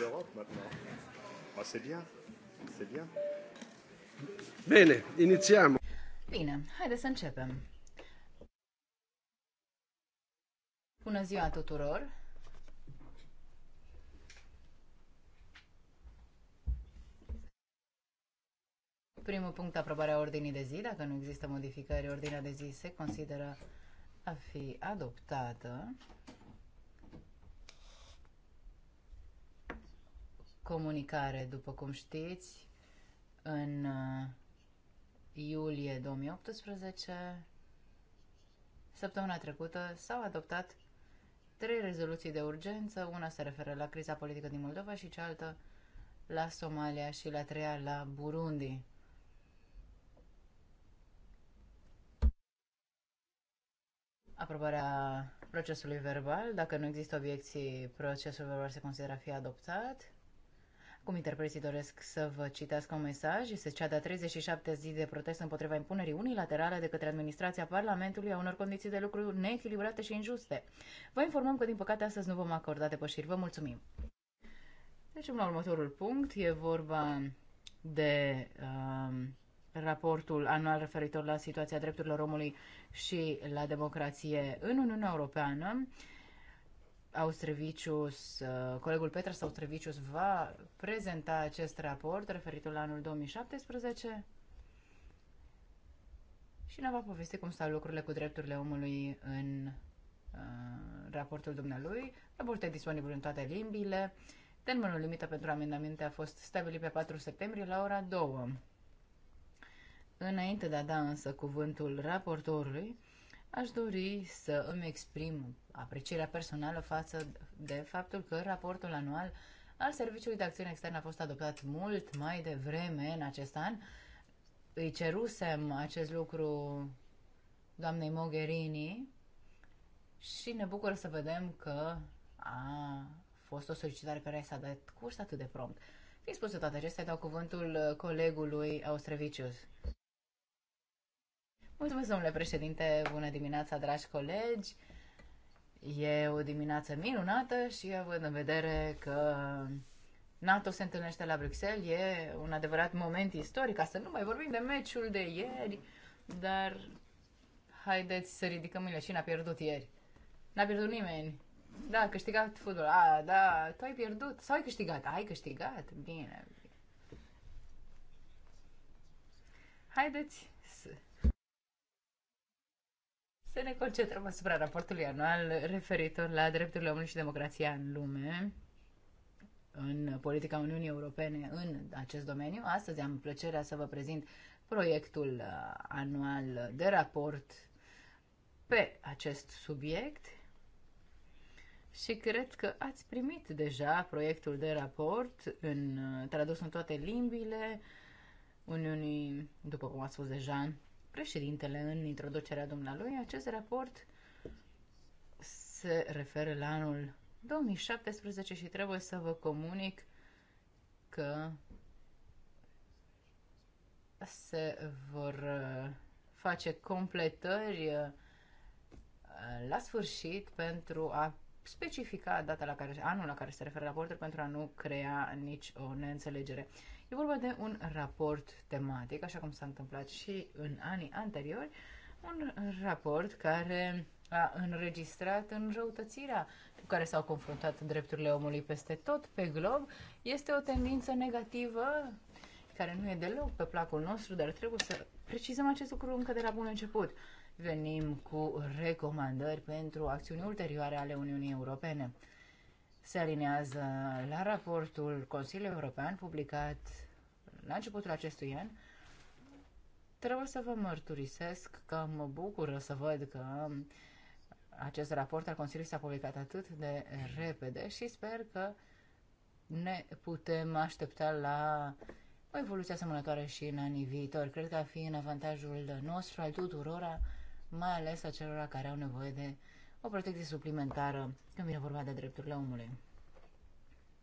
l'Europe maintenant. c'est bien. C'est bien. Bine, inițiam. Bine, haideți să începem. Bună ziua tuturor! Primul punct, aprobarea ordinii de zi. Dacă nu există modificări, ordinea de zi se consideră a fi adoptată. comunicare, după cum știți, în uh, iulie 2018, săptămâna trecută, s-au adoptat trei rezoluții de urgență, una se referă la criza politică din Moldova și cealaltă la Somalia și la treia la Burundi. aprobarea procesului verbal. Dacă nu există obiecții, procesul verbal se consideră a fi adoptat. Cum interpreții doresc să vă citească un mesaj. Este cea de-a 37 zi de protest împotriva impunerii unilaterale de către administrația Parlamentului a unor condiții de lucru neechilibrate și injuste. Vă informăm că, din păcate, astăzi nu vom acorda depășiri. Vă mulțumim! Trecem deci, la următorul punct. E vorba de uh, raportul anual referitor la situația drepturilor omului și la democrație în Uniunea Europeană. Uh, Austrevicius, uh, colegul Petra Austrevicius va prezenta acest raport referitor la anul 2017 și ne va povesti cum stau lucrurile cu drepturile omului în uh, raportul dumnealui. Raportul e disponibil în toate limbile. Termenul limită pentru amendamente a fost stabilit pe 4 septembrie la ora 2. Înainte de a da însă cuvântul raportorului, Aș dori să îmi exprim aprecierea personală față de faptul că raportul anual al Serviciului de Acțiune Externă a fost adoptat mult mai devreme în acest an. Îi cerusem acest lucru doamnei Mogherini și ne bucură să vedem că a fost o solicitare care s-a dat curs atât de prompt. Fiind spus toate acestea, dau cuvântul colegului Austrevicius. Mulțumesc, domnule președinte, bună dimineața, dragi colegi. E o dimineață minunată și având în vedere că NATO se întâlnește la Bruxelles, e un adevărat moment istoric, ca să nu mai vorbim de meciul de ieri, dar haideți să ridicăm mâinile. Cine a pierdut ieri? N-a pierdut nimeni. Da, a câștigat fotbal. A, da, tu ai pierdut sau ai câștigat? Ai câștigat. Bine. Haideți să ne concentrăm asupra raportului anual referitor la drepturile omului și democrația în lume în politica Uniunii Europene în acest domeniu. Astăzi am plăcerea să vă prezint proiectul uh, anual de raport pe acest subiect și cred că ați primit deja proiectul de raport în, uh, tradus în toate limbile Uniunii, după cum ați spus deja, președintele în introducerea dumnealui, acest raport se referă la anul 2017 și trebuie să vă comunic că se vor uh, face completări uh, la sfârșit pentru a specifica data la care, anul la care se referă raportul pentru a nu crea nici o neînțelegere. E vorba de un raport tematic, așa cum s-a întâmplat și în anii anteriori, un raport care a înregistrat în răutățirea cu care s-au confruntat drepturile omului peste tot pe glob. Este o tendință negativă care nu e deloc pe placul nostru, dar trebuie să precizăm acest lucru încă de la bun început. Venim cu recomandări pentru acțiuni ulterioare ale Uniunii Europene se alinează la raportul Consiliului European publicat la începutul acestui an. Trebuie să vă mărturisesc că mă bucură să văd că acest raport al Consiliului s-a publicat atât de repede și sper că ne putem aștepta la o evoluție asemănătoare și în anii viitori. Cred că ar fi în avantajul nostru al tuturora, mai ales a celor care au nevoie de o protecție suplimentară când vine vorba de drepturile omului.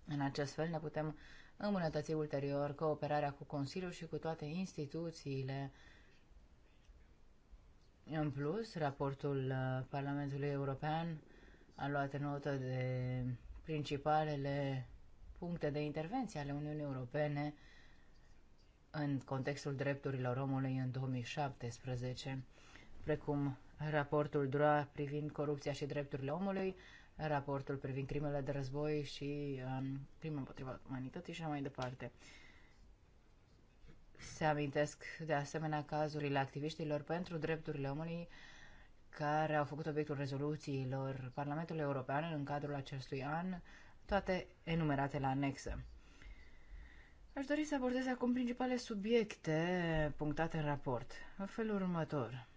În acest fel ne putem îmbunătăți ulterior cooperarea cu Consiliul și cu toate instituțiile. În plus, raportul uh, Parlamentului European a luat notă de principalele puncte de intervenție ale Uniunii Europene în contextul drepturilor omului în 2017, precum raportul DRA privind corupția și drepturile omului, raportul privind crimele de război și um, crime împotriva umanității și așa mai departe. Se amintesc de asemenea cazurile activiștilor pentru drepturile omului care au făcut obiectul rezoluțiilor Parlamentului European în cadrul acestui an, toate enumerate la anexă. Aș dori să abordez acum principale subiecte punctate în raport, în felul următor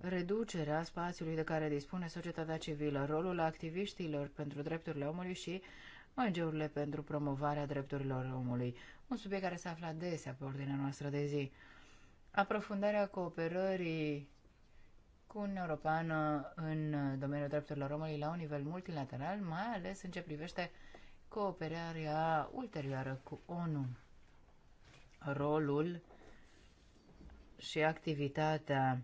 reducerea spațiului de care dispune societatea civilă, rolul activiștilor pentru drepturile omului și ONG-urile pentru promovarea drepturilor omului, un subiect care se află adesea pe ordinea noastră de zi. Aprofundarea cooperării cu Uniunea Europeană în domeniul drepturilor omului la un nivel multilateral, mai ales în ce privește cooperarea ulterioară cu ONU. Rolul și activitatea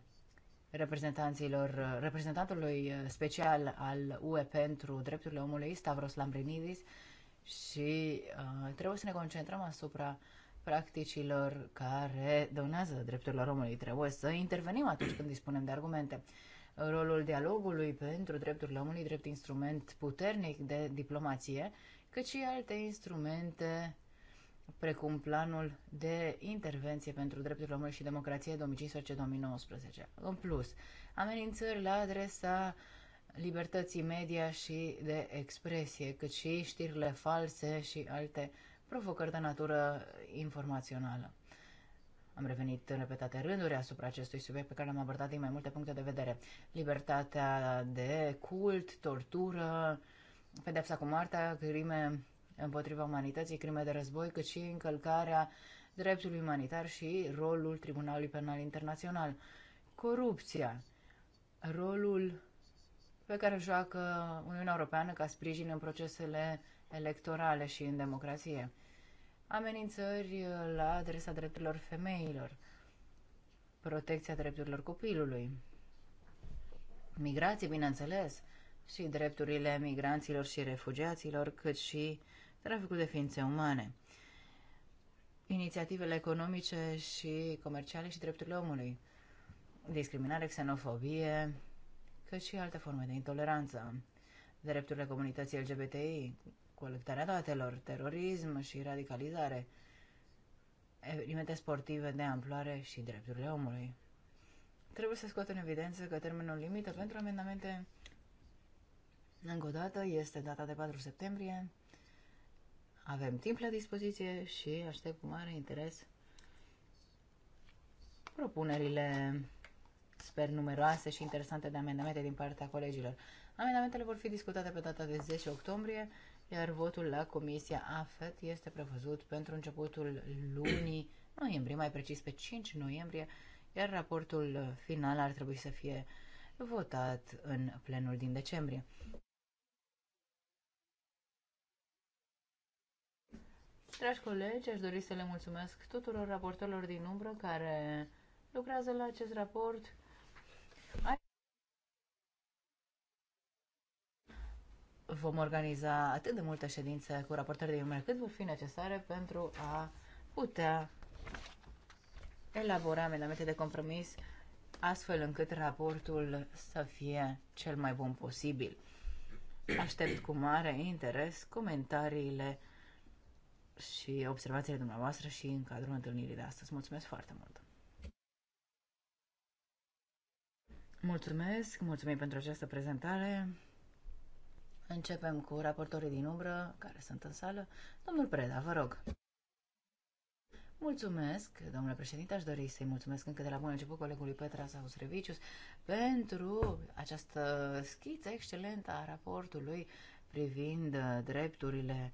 reprezentanților, reprezentantului special al UE pentru drepturile omului, Stavros Lambrinidis, și uh, trebuie să ne concentrăm asupra practicilor care dăunează drepturile omului. Trebuie să intervenim atunci când dispunem de argumente. Rolul dialogului pentru drepturile omului, drept instrument puternic de diplomație, cât și alte instrumente precum planul de intervenție pentru drepturile omului și democrație 2015-2019. În plus, amenințări la adresa libertății media și de expresie, cât și știrile false și alte provocări de natură informațională. Am revenit în repetate rânduri asupra acestui subiect pe care l-am abordat din mai multe puncte de vedere. Libertatea de cult, tortură, pedepsa cu moartea, crime împotriva umanității, crime de război, cât și încălcarea dreptului umanitar și rolul Tribunalului Penal Internațional. Corupția, rolul pe care joacă Uniunea Europeană ca sprijin în procesele electorale și în democrație. Amenințări la adresa drepturilor femeilor, protecția drepturilor copilului, migrație, bineînțeles, și drepturile migranților și refugiaților, cât și traficul de ființe umane, inițiativele economice și comerciale și drepturile omului, discriminare, xenofobie, cât și alte forme de intoleranță, drepturile comunității LGBTI, colectarea datelor, terorism și radicalizare, evenimente sportive de amploare și drepturile omului. Trebuie să scot în evidență că termenul limită pentru amendamente încă o dată este data de 4 septembrie avem timp la dispoziție și aștept cu mare interes propunerile, sper, numeroase și interesante de amendamente din partea colegilor. Amendamentele vor fi discutate pe data de 10 octombrie, iar votul la Comisia AFET este prevăzut pentru începutul lunii noiembrie, mai precis pe 5 noiembrie, iar raportul final ar trebui să fie votat în plenul din decembrie. Dragi colegi, aș dori să le mulțumesc tuturor raportorilor din umbră care lucrează la acest raport. Vom organiza atât de multe ședințe cu raportări din umbră cât vor fi necesare pentru a putea elabora amendamente de compromis astfel încât raportul să fie cel mai bun posibil. Aștept cu mare interes comentariile și observațiile dumneavoastră și în cadrul întâlnirii de astăzi. Mulțumesc foarte mult! Mulțumesc, mulțumim pentru această prezentare. Începem cu raportorii din umbră, care sunt în sală. Domnul Preda, vă rog. Mulțumesc, domnule președinte, aș dori să-i mulțumesc încă de la bun început colegului Petra Sausrevicius pentru această schiță excelentă a raportului privind drepturile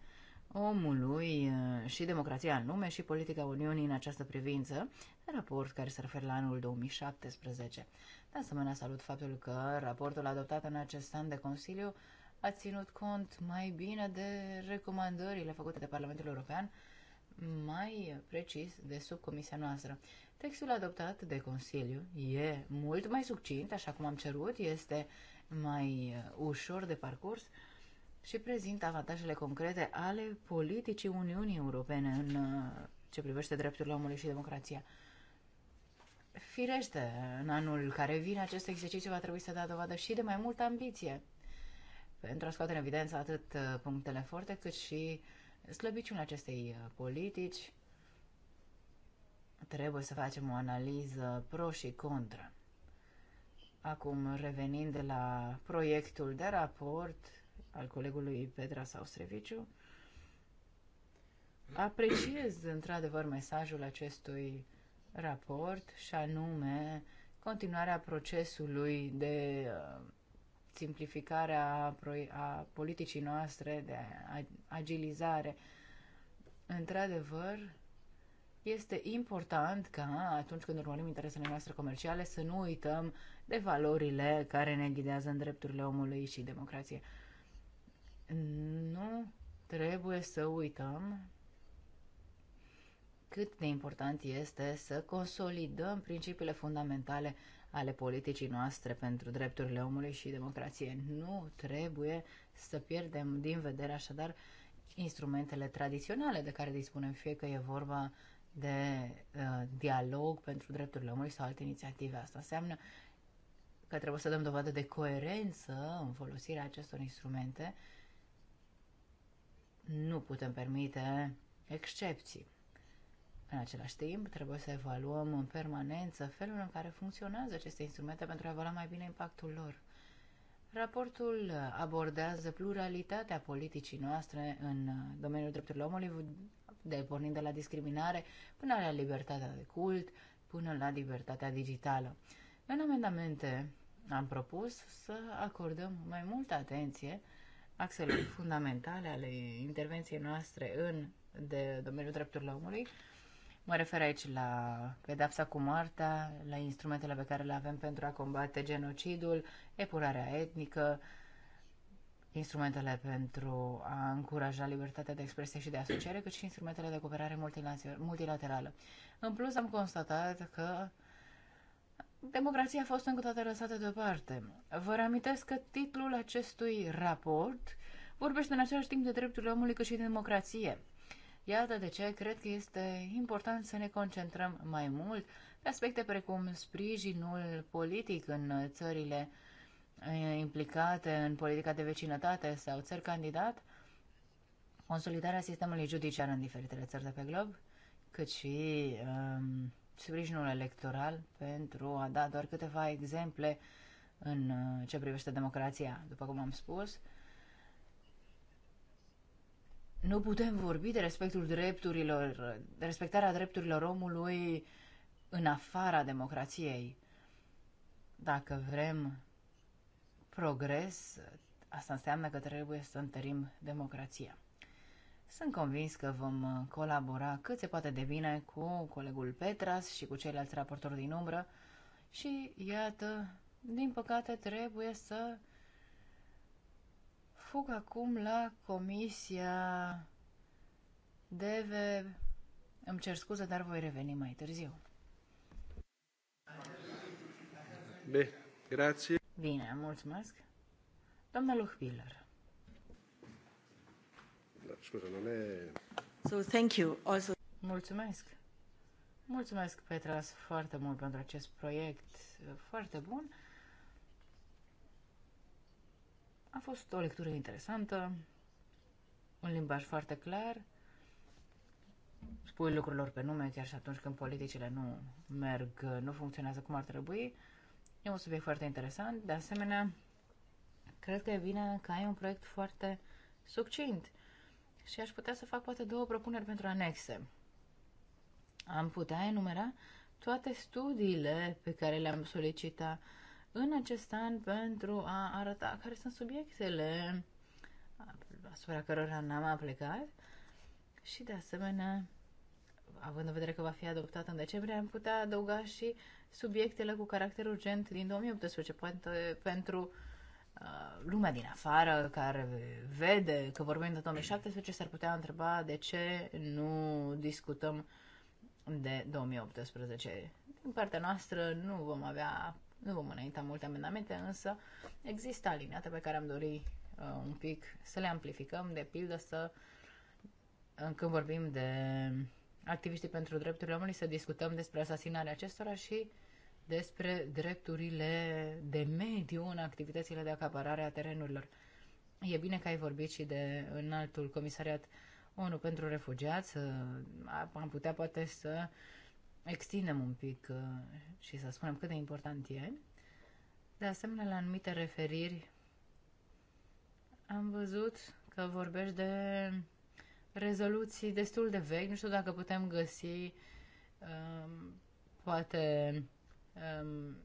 omului uh, și democrația în lume și politica Uniunii în această privință, raport care se referă la anul 2017. De asemenea, salut faptul că raportul adoptat în acest an de Consiliu a ținut cont mai bine de recomandările făcute de Parlamentul European, mai precis de subcomisia noastră. Textul adoptat de Consiliu e mult mai succint, așa cum am cerut, este mai uh, ușor de parcurs și prezintă avantajele concrete ale politicii Uniunii Europene în uh, ce privește drepturile omului și democrația. Firește, în anul care vine, acest exercițiu va trebui să dea dovadă și de mai multă ambiție pentru a scoate în evidență atât uh, punctele forte cât și slăbiciunile acestei uh, politici. Trebuie să facem o analiză pro și contra. Acum, revenind la proiectul de raport, al colegului Petra Saustreviciu. Apreciez într-adevăr mesajul acestui raport și anume continuarea procesului de uh, simplificare a, a politicii noastre, de agilizare. Într-adevăr, este important ca atunci când urmărim interesele noastre comerciale să nu uităm de valorile care ne ghidează în drepturile omului și democrație. Nu trebuie să uităm cât de important este să consolidăm principiile fundamentale ale politicii noastre pentru drepturile omului și democrație. Nu trebuie să pierdem din vedere așadar instrumentele tradiționale de care dispunem, fie că e vorba de uh, dialog pentru drepturile omului sau alte inițiative. Asta înseamnă că trebuie să dăm dovadă de coerență în folosirea acestor instrumente nu putem permite excepții. În același timp, trebuie să evaluăm în permanență felul în care funcționează aceste instrumente pentru a evalua mai bine impactul lor. Raportul abordează pluralitatea politicii noastre în domeniul drepturilor omului, de pornind de la discriminare până la libertatea de cult, până la libertatea digitală. În amendamente am propus să acordăm mai multă atenție axelor fundamentale ale intervenției noastre în de domeniul drepturilor omului. Mă refer aici la pedapsa cu moartea, la instrumentele pe care le avem pentru a combate genocidul, epurarea etnică, instrumentele pentru a încuraja libertatea de expresie și de asociere, cât și instrumentele de cooperare multilaterală. În plus, am constatat că democrația a fost încă toată lăsată deoparte. Vă reamintesc că titlul acestui raport vorbește în același timp de drepturile omului cât și de democrație. Iată de ce cred că este important să ne concentrăm mai mult pe aspecte precum sprijinul politic în țările implicate în politica de vecinătate sau țări candidat, consolidarea sistemului judiciar în diferitele țări de pe glob, cât și um, sprijinul electoral pentru a da doar câteva exemple în uh, ce privește democrația, după cum am spus. Nu putem vorbi de respectul drepturilor, de respectarea drepturilor omului în afara democrației. Dacă vrem progres, asta înseamnă că trebuie să întărim democrația. Sunt convins că vom uh, colabora cât se poate de bine cu colegul Petras și cu ceilalți raportori din umbră și, iată, din păcate trebuie să fug acum la comisia deve. Îmi cer scuze, dar voi reveni mai târziu. Bine, grație. Bine, mulțumesc. Doamna Luhbiller. Scuze, nu e... So, thank you. Also... Mulțumesc. Mulțumesc, Petras, foarte mult pentru acest proiect uh, foarte bun. A fost o lectură interesantă, un limbaj foarte clar. Spui lucrurilor pe nume, chiar și atunci când politicile nu merg, uh, nu funcționează cum ar trebui. E un subiect foarte interesant. De asemenea, cred că e bine că ai un proiect foarte succint și aș putea să fac poate două propuneri pentru anexe. Am putea enumera toate studiile pe care le-am solicitat în acest an pentru a arăta care sunt subiectele asupra cărora n-am aplicat și de asemenea având în vedere că va fi adoptată în decembrie, am putea adăuga și subiectele cu caracter urgent din 2018, poate pentru Uh, lumea din afară care vede că vorbim de 2017 s-ar putea întreba de ce nu discutăm de 2018. Din partea noastră nu vom avea, nu vom înainta multe amendamente, însă există alineate pe care am dorit uh, un pic să le amplificăm, de pildă să uh, când vorbim de activiștii pentru drepturile omului, să discutăm despre asasinarea acestora și uh, despre drepturile de mediu în activitățile de acaparare a terenurilor. E bine că ai vorbit și de înaltul comisariat ONU pentru refugiați. Am putea poate să extindem un pic uh, și să spunem cât de important e. De asemenea, la anumite referiri am văzut că vorbești de rezoluții destul de vechi. Nu știu dacă putem găsi uh, poate um,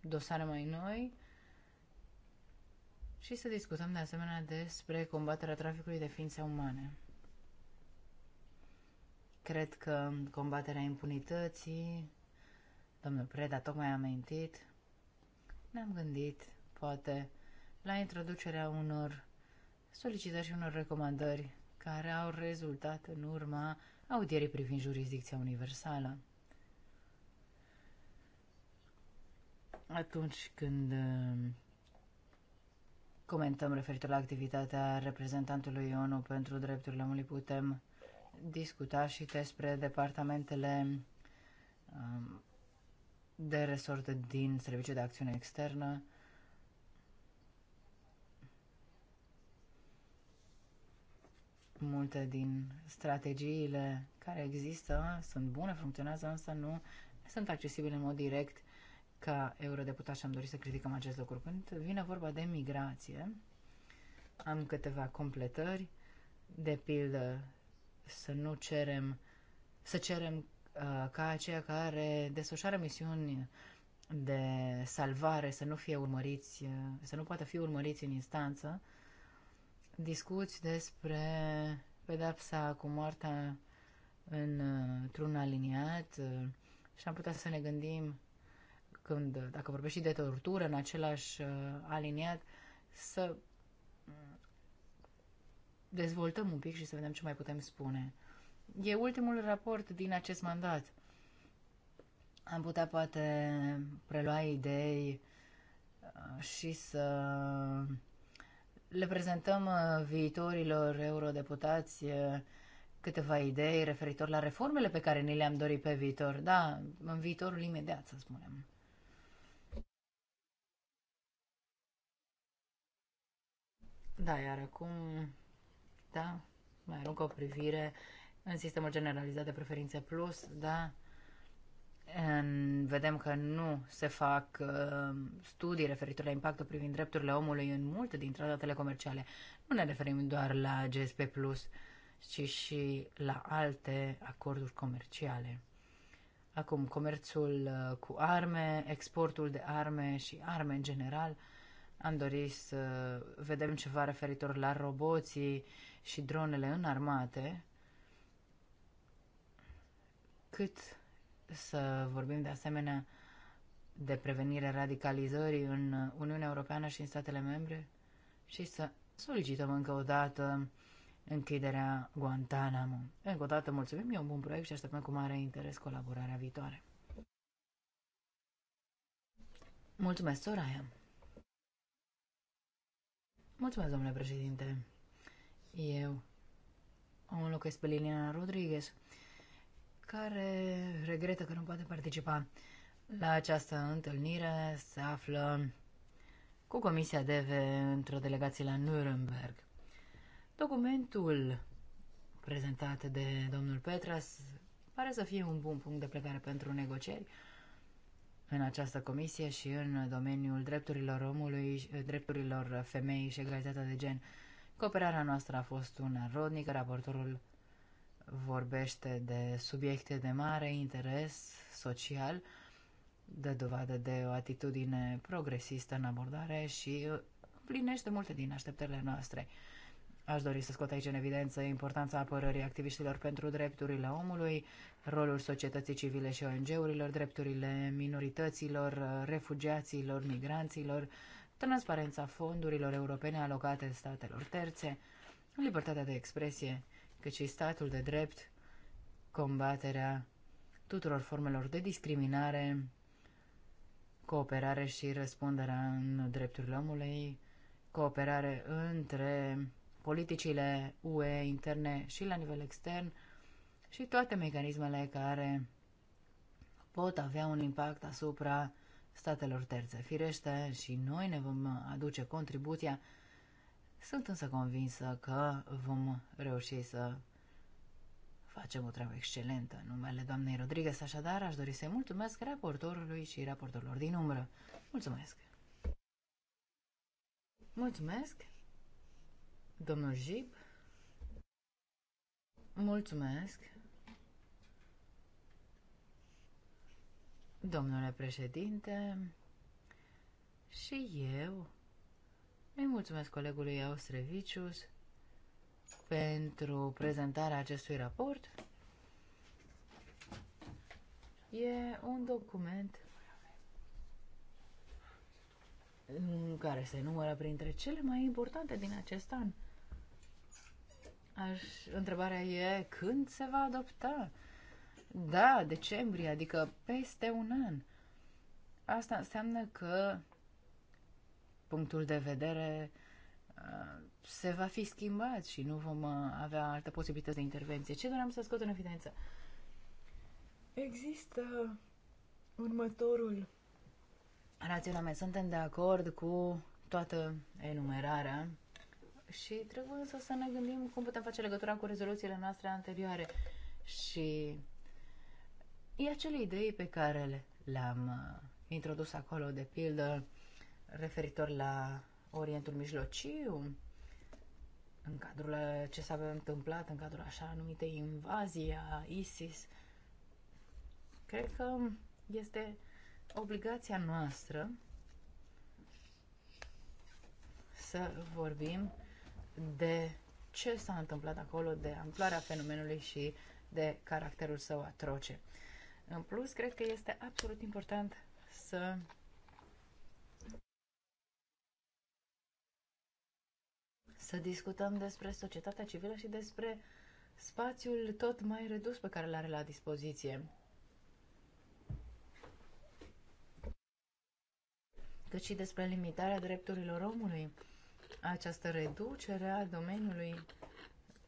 dosare mai noi și să discutăm de asemenea despre combaterea traficului de ființe umane. Cred că combaterea impunității, domnul Preda tocmai a mintit, ne-am gândit, poate, la introducerea unor solicitări și unor recomandări care au rezultat în urma audierii privind jurisdicția universală. atunci când uh, comentăm referitor la activitatea reprezentantului ONU pentru drepturile omului, putem discuta și despre departamentele um, de resort din Serviciul de Acțiune Externă, multe din strategiile care există sunt bune, funcționează, însă nu sunt accesibile în mod direct ca eurodeputat și am dorit să criticăm acest lucru. Când vine vorba de migrație, am câteva completări, de pildă să nu cerem, să cerem uh, ca aceia care desfășoară misiuni de salvare să nu fie urmăriți, uh, să nu poată fi urmăriți în instanță, discuți despre pedapsa cu moartea uh, într-un aliniat uh, și am putea să ne gândim când, dacă vorbești și de tortură în același uh, aliniat, să mm, dezvoltăm un pic și să vedem ce mai putem spune. E ultimul raport din acest mandat. Am putea poate prelua idei uh, și să le prezentăm uh, viitorilor eurodeputați câteva idei referitor la reformele pe care ni le-am dorit pe viitor. Da, în viitorul imediat, să spunem. Da, iar acum, da, mai aruncă o privire în sistemul generalizat de preferințe plus, da, în, vedem că nu se fac uh, studii referitoare la impactul privind drepturile omului în multe dintre datele comerciale. Nu ne referim doar la GSP Plus, ci și la alte acorduri comerciale. Acum, comerțul uh, cu arme, exportul de arme și arme în general – am dorit să vedem ceva referitor la roboții și dronele în armate, cât să vorbim de asemenea de prevenirea radicalizării în Uniunea Europeană și în statele membre și să solicităm încă o dată închiderea Guantanamo. Încă o dată mulțumim, e un bun proiect și așteptăm cu mare interes colaborarea viitoare. Mulțumesc, Soraya! Mulțumesc, domnule președinte. Eu o înlocuiesc pe Liliana Rodriguez, care regretă că nu poate participa la această întâlnire. Se află cu Comisia DEVE într-o delegație la Nuremberg. Documentul prezentat de domnul Petras pare să fie un bun punct de plecare pentru negocieri în această comisie și în domeniul drepturilor omului, drepturilor femeii și egalitatea de gen. Cooperarea noastră a fost una rodnică, raportorul vorbește de subiecte de mare interes social, de dovadă de o atitudine progresistă în abordare și plinește multe din așteptările noastre. Aș dori să scot aici în evidență importanța apărării activiștilor pentru drepturile omului, rolul societății civile și ONG-urilor, drepturile minorităților, refugiaților, migranților, transparența fondurilor europene alocate statelor terțe, libertatea de expresie, cât și statul de drept, combaterea tuturor formelor de discriminare, cooperare și răspunderea în drepturile omului, cooperare între politicile UE interne și la nivel extern și toate mecanismele care pot avea un impact asupra statelor terțe. Firește și noi ne vom aduce contribuția. Sunt însă convinsă că vom reuși să facem o treabă excelentă. În numele doamnei Rodriguez, așadar, aș dori să-i mulțumesc raportorului și raportorilor din umbră. Mulțumesc! Mulțumesc! Domnul Jip. Mulțumesc. Domnule președinte, și eu îi mulțumesc colegului Austrevicius pentru prezentarea acestui raport. E un document în care se numără printre cele mai importante din acest an. Aș, întrebarea e când se va adopta? Da, decembrie, adică peste un an. Asta înseamnă că punctul de vedere uh, se va fi schimbat și nu vom uh, avea alte posibilități de intervenție. Ce doream să scot în evidență? Există următorul raționament. Suntem de acord cu toată enumerarea și trebuie însă să ne gândim cum putem face legătura cu rezoluțiile noastre anterioare. Și e acele idei pe care le-am uh, introdus acolo, de pildă, referitor la Orientul Mijlociu, în cadrul uh, ce s-a întâmplat, în cadrul așa numite invazii a ISIS. Cred că este obligația noastră să vorbim de ce s-a întâmplat acolo, de amploarea fenomenului și de caracterul său atroce. În plus, cred că este absolut important să să discutăm despre societatea civilă și despre spațiul tot mai redus pe care îl are la dispoziție. Cât și despre limitarea drepturilor omului această reducere a domeniului,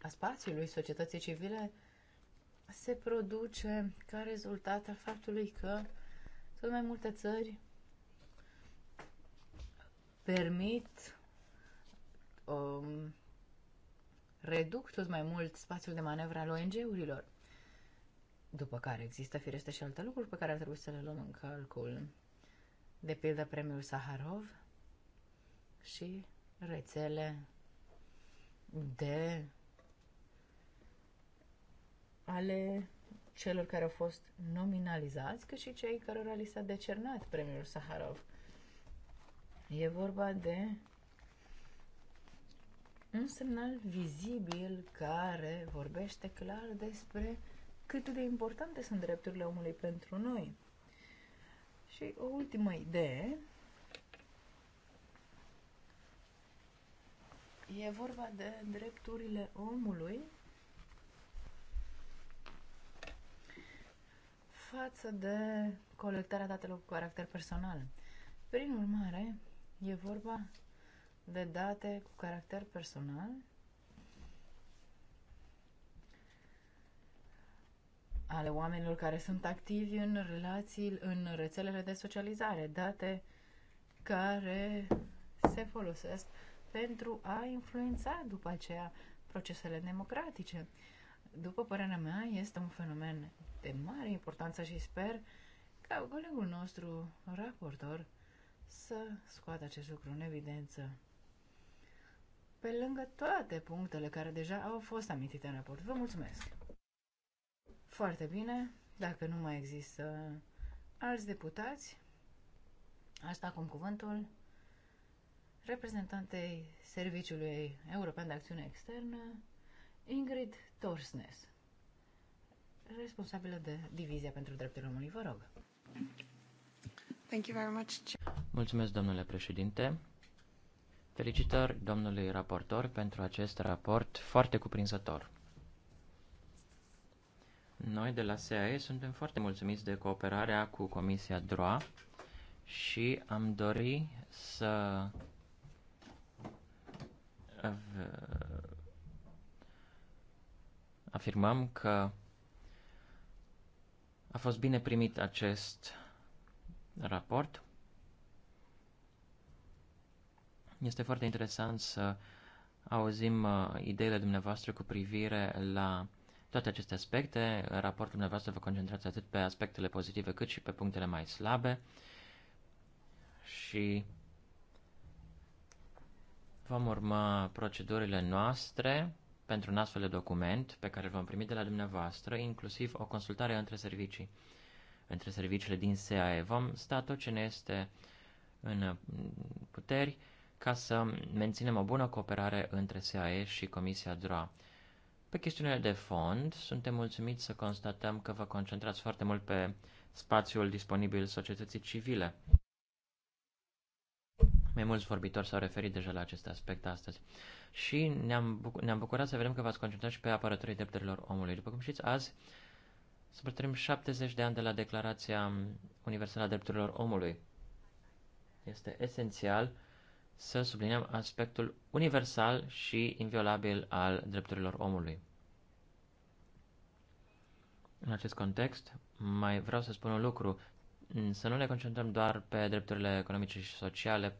a spațiului societății civile se produce ca rezultat al faptului că tot mai multe țări permit um, reduc tot mai mult spațiul de manevră al ONG-urilor. După care există firește și alte lucruri pe care ar trebui să le luăm în calcul. De pildă premiul Saharov și rețele de ale celor care au fost nominalizați, cât și cei cărora li s-a decernat premiul Saharov. E vorba de un semnal vizibil care vorbește clar despre cât de importante sunt drepturile omului pentru noi. Și o ultimă idee E vorba de drepturile omului față de colectarea datelor cu caracter personal. Prin urmare, e vorba de date cu caracter personal ale oamenilor care sunt activi în relații, în rețelele de socializare, date care se folosesc pentru a influența după aceea procesele democratice. După părerea mea, este un fenomen de mare importanță și sper ca colegul nostru raportor să scoată acest lucru în evidență. Pe lângă toate punctele care deja au fost amintite în raport, vă mulțumesc! Foarte bine, dacă nu mai există alți deputați, asta da acum cuvântul reprezentantei Serviciului European de Acțiune Externă, Ingrid Torsnes, responsabilă de Divizia pentru Drepturile Omului. Vă rog. Thank you very much. Mulțumesc, domnule președinte. Felicitări domnului raportor pentru acest raport foarte cuprinzător. Noi de la SAE suntem foarte mulțumiți de cooperarea cu Comisia DROA și am dori să afirmam că a fost bine primit acest raport. Este foarte interesant să auzim uh, ideile dumneavoastră cu privire la toate aceste aspecte. În raportul dumneavoastră vă concentrați atât pe aspectele pozitive cât și pe punctele mai slabe și Vom urma procedurile noastre pentru un astfel de document pe care îl vom primi de la dumneavoastră, inclusiv o consultare între servicii, între serviciile din SAE. Vom sta tot ce ne este în puteri ca să menținem o bună cooperare între SAE și Comisia DROA. Pe chestiunile de fond, suntem mulțumiți să constatăm că vă concentrați foarte mult pe spațiul disponibil societății civile. Mai mulți vorbitori s-au referit deja la acest aspect astăzi. Și ne-am, bucur- ne bucurat să vedem că v-ați concentrat și pe apărătorii drepturilor omului. După cum știți, azi sărbătorim 70 de ani de la Declarația Universală a Drepturilor Omului. Este esențial să subliniem aspectul universal și inviolabil al drepturilor omului. În acest context, mai vreau să spun un lucru. Să nu ne concentrăm doar pe drepturile economice și sociale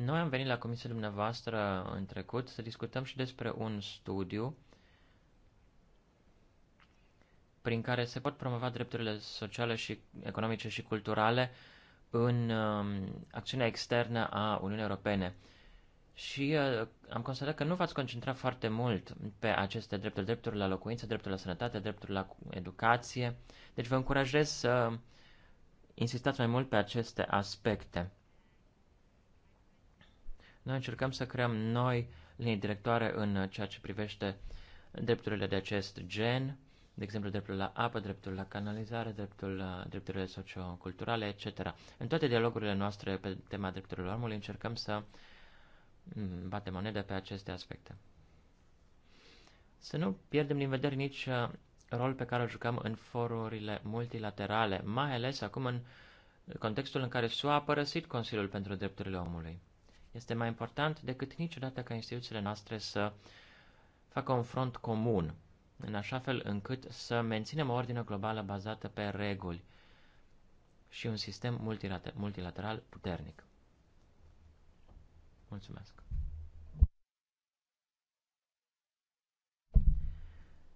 Noi am venit la comisia dumneavoastră în trecut să discutăm și despre un studiu prin care se pot promova drepturile sociale și economice și culturale în um, acțiunea externă a Uniunii Europene. Și uh, am constatat că nu v-ați concentrat foarte mult pe aceste drepturi, drepturile la locuință, drepturile la sănătate, drepturile la educație. Deci vă încurajez să insistați mai mult pe aceste aspecte. Noi încercăm să creăm noi linii directoare în ceea ce privește drepturile de acest gen, de exemplu dreptul la apă, dreptul la canalizare, dreptul la drepturile socioculturale, etc. În toate dialogurile noastre pe tema drepturilor omului încercăm să mm, batem monede pe aceste aspecte. Să nu pierdem din vedere nici uh, rol pe care îl jucăm în forurile multilaterale, mai ales acum în contextul în care SUA a părăsit Consiliul pentru Drepturile Omului. Este mai important decât niciodată ca instituțiile noastre să facă un front comun, în așa fel încât să menținem o ordine globală bazată pe reguli și un sistem multilater multilateral puternic. Mulțumesc!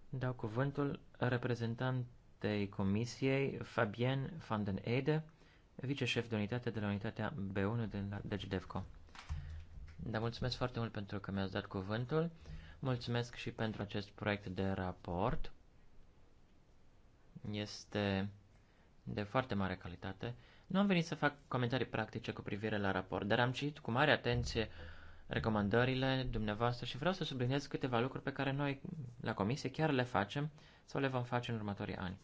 Dau cuvântul reprezentantei Comisiei Fabien van den Ede, viceșef de unitate de la unitatea B1 de la DGDEVCO. Deci da, mulțumesc foarte mult pentru că mi-ați dat cuvântul. Mulțumesc și pentru acest proiect de raport. Este de foarte mare calitate. Nu am venit să fac comentarii practice cu privire la raport, dar am citit cu mare atenție recomandările dumneavoastră și vreau să subliniez câteva lucruri pe care noi la comisie chiar le facem sau le vom face în următorii ani.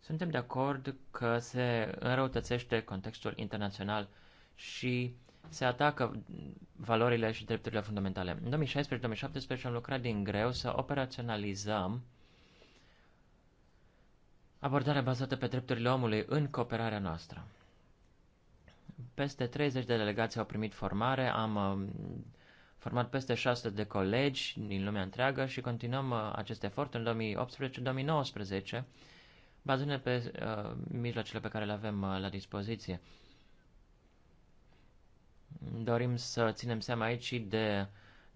Suntem de acord că se înrăutățește contextul internațional și se atacă valorile și drepturile fundamentale. În 2016-2017 am lucrat din greu să operaționalizăm abordarea bazată pe drepturile omului în cooperarea noastră. Peste 30 de delegații au primit formare, am um, format peste 600 de colegi din lumea întreagă și continuăm uh, acest efort în 2018-2019, bazându-ne pe uh, mijloacele pe care le avem uh, la dispoziție. Dorim să ținem seama aici și de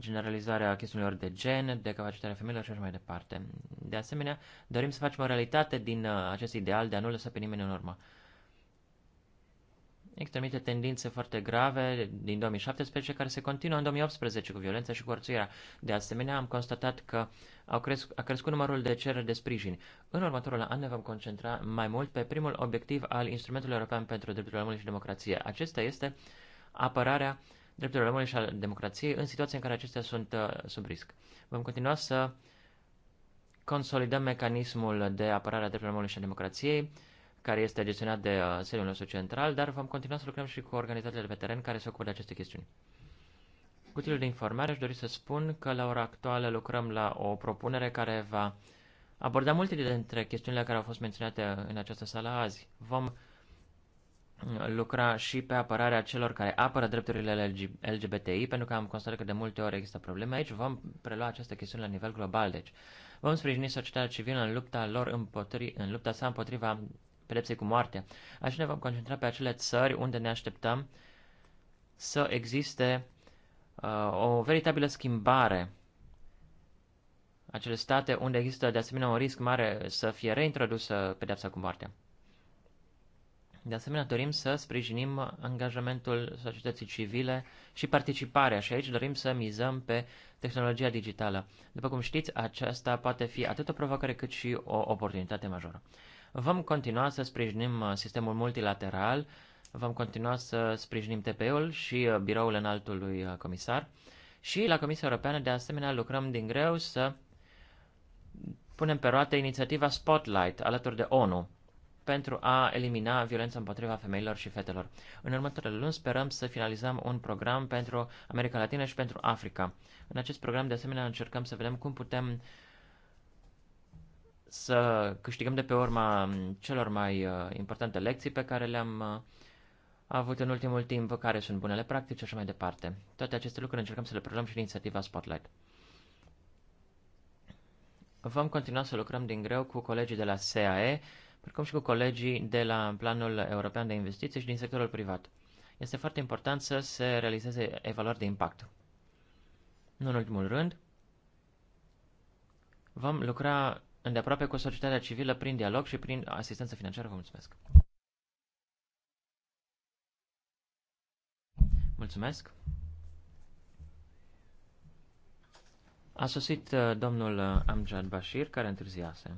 generalizarea chestiunilor de gen, de capacitatea femeilor și așa mai departe. De asemenea, dorim să facem o realitate din uh, acest ideal de a nu lăsa pe nimeni în urmă. Există anumite tendințe foarte grave din 2017 care se continuă în 2018 cu violența și cu orțuirea. De asemenea, am constatat că au cresc, a crescut numărul de cereri de sprijin. În următorul an ne vom concentra mai mult pe primul obiectiv al instrumentului european pentru drepturile omului și democrație. Acesta este uh, apărarea drepturilor omului și a democrației în situații în care acestea sunt uh, sub risc. Vom continua să consolidăm mecanismul de apărare a drepturilor omului și a democrației, care este gestionat de uh, sediul nostru central, dar vom continua să lucrăm și cu organizațiile pe teren care se ocupă de aceste chestiuni. Cu titlul de informare aș dori să spun că la ora actuală lucrăm la o propunere care va aborda multe dintre chestiunile care au fost menționate în această sală azi. Vom lucra și pe apărarea celor care apără drepturile LGBTI, pentru că am constatat că de multe ori există probleme aici. Vom prelua această chestiune la nivel global, deci vom sprijini societatea civilă în lupta lor împotri, în lupta sa împotriva pedepsei cu moarte. Așa ne vom concentra pe acele țări unde ne așteptăm să existe uh, o veritabilă schimbare acele state unde există de asemenea un risc mare să fie reintrodusă pedepsa cu moartea. De asemenea, dorim să sprijinim angajamentul societății civile și participarea și aici dorim să mizăm pe tehnologia digitală. După cum știți, aceasta poate fi atât o provocare cât și o oportunitate majoră. Vom continua să sprijinim uh, sistemul multilateral, vom continua să sprijinim TPE-ul și uh, biroul înaltului uh, comisar și la Comisia Europeană de asemenea lucrăm din greu să punem pe roate inițiativa Spotlight alături de ONU pentru a elimina violența împotriva femeilor și fetelor. În următoarele luni sperăm să finalizăm un program pentru America Latină și pentru Africa. În acest program, de asemenea, încercăm să vedem cum putem să câștigăm de pe urma celor mai uh, importante lecții pe care le-am uh, avut în ultimul timp, care sunt bunele practici și așa mai departe. Toate aceste lucruri încercăm să le preluăm și în inițiativa Spotlight. Vom continua să lucrăm din greu cu colegii de la SAE precum și cu colegii de la Planul European de Investiții și din sectorul privat. Este foarte important să se realizeze evaluări de impact. Nu în ultimul rând, vom lucra îndeaproape cu societatea civilă prin dialog și prin asistență financiară. Vă mulțumesc! Mulțumesc! A sosit uh, domnul uh, Amjad Bashir, care întârziase.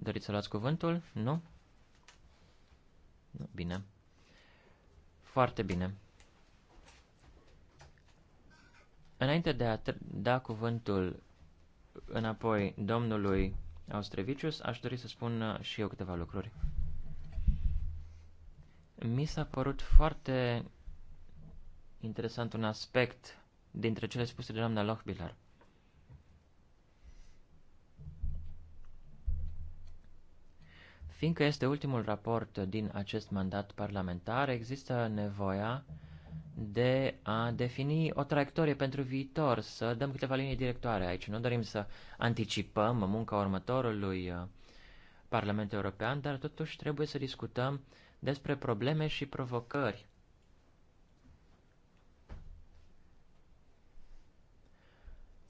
Doriți să luați cuvântul? Nu? nu? Bine. Foarte bine. Înainte de a da cuvântul înapoi domnului Austrevicius, aș dori să spun uh, și eu câteva lucruri. Mi s-a părut foarte interesant un aspect dintre cele spuse de doamna Lochbiller. Fiindcă este ultimul raport din acest mandat parlamentar, există nevoia de a defini o traiectorie pentru viitor, să dăm câteva linii directoare aici. Nu dorim să anticipăm munca următorului uh, Parlament European, dar totuși trebuie să discutăm despre probleme și provocări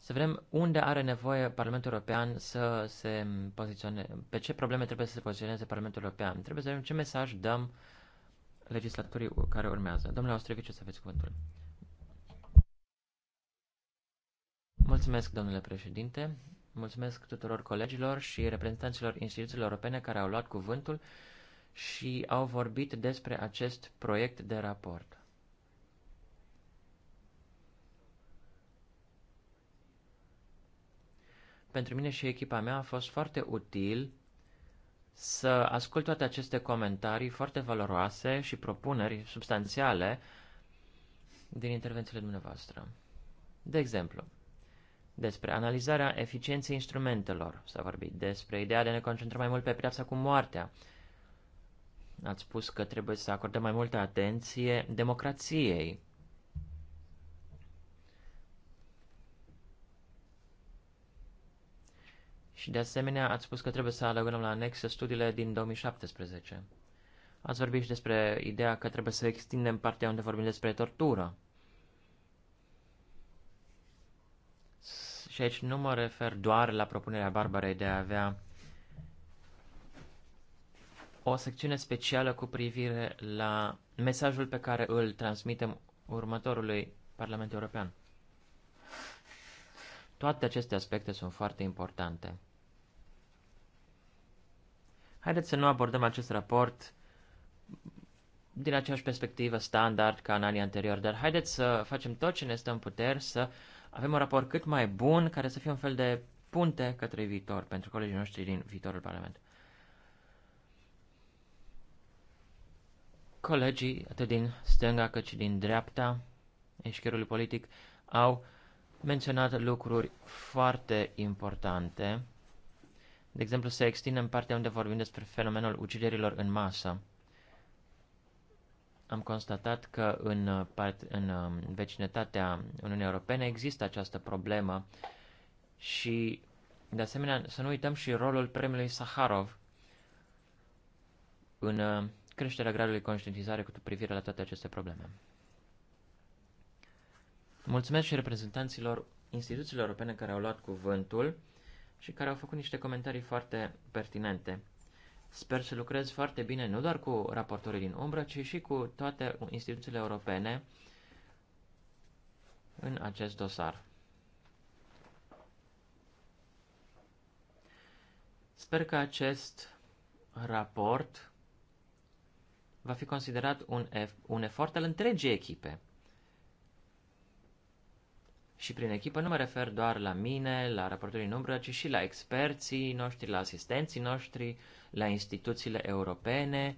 să vedem unde are nevoie Parlamentul European să se poziționeze, pe ce probleme trebuie să se poziționeze Parlamentul European. Trebuie să vedem ce mesaj dăm legislaturii care urmează. Domnule Ostreviciu, să aveți cuvântul. Mulțumesc, domnule președinte. Mulțumesc tuturor colegilor și reprezentanților instituțiilor europene care au luat cuvântul și au vorbit despre acest proiect de raport. pentru mine și echipa mea a fost foarte util să ascult toate aceste comentarii foarte valoroase și propuneri substanțiale din intervențiile dumneavoastră. De exemplu, despre analizarea eficienței instrumentelor s-a vorbit, despre ideea de a ne concentra mai mult pe pedeapsa cu moartea. Ați spus că trebuie să acordăm mai multă atenție democrației, Și de asemenea ați spus că trebuie să alăgăm la anexă studiile din 2017. Ați vorbit și despre ideea că trebuie să extindem partea unde vorbim despre tortură. Și aici nu mă refer doar la propunerea Barbarei de a avea o secțiune specială cu privire la mesajul pe care îl transmitem următorului Parlament European. Toate aceste aspecte sunt foarte importante. Haideți să nu abordăm acest raport din aceeași perspectivă standard ca în anii anteriori, dar haideți să facem tot ce ne stă în puteri să avem un raport cât mai bun, care să fie un fel de punte către viitor pentru colegii noștri din viitorul Parlament. Colegii, atât din stânga cât și din dreapta eșcherului politic, au menționat lucruri foarte importante de exemplu, se extinde în partea unde vorbim despre fenomenul uciderilor în masă. Am constatat că în, part, în um, vecinătatea Uniunii Europene există această problemă și, de asemenea, să nu uităm și rolul premiului Saharov în uh, creșterea gradului conștientizare cu privire la toate aceste probleme. Mulțumesc și reprezentanților instituțiilor europene care au luat cuvântul și care au făcut niște comentarii foarte pertinente. Sper să lucrez foarte bine nu doar cu raportorii din umbră, ci și cu toate instituțiile europene în acest dosar. Sper că acest raport va fi considerat un, ef- un efort al întregii echipe. Și prin echipă nu mă refer doar la mine, la raportorii în umbră, ci și la experții noștri, la asistenții noștri, la instituțiile europene.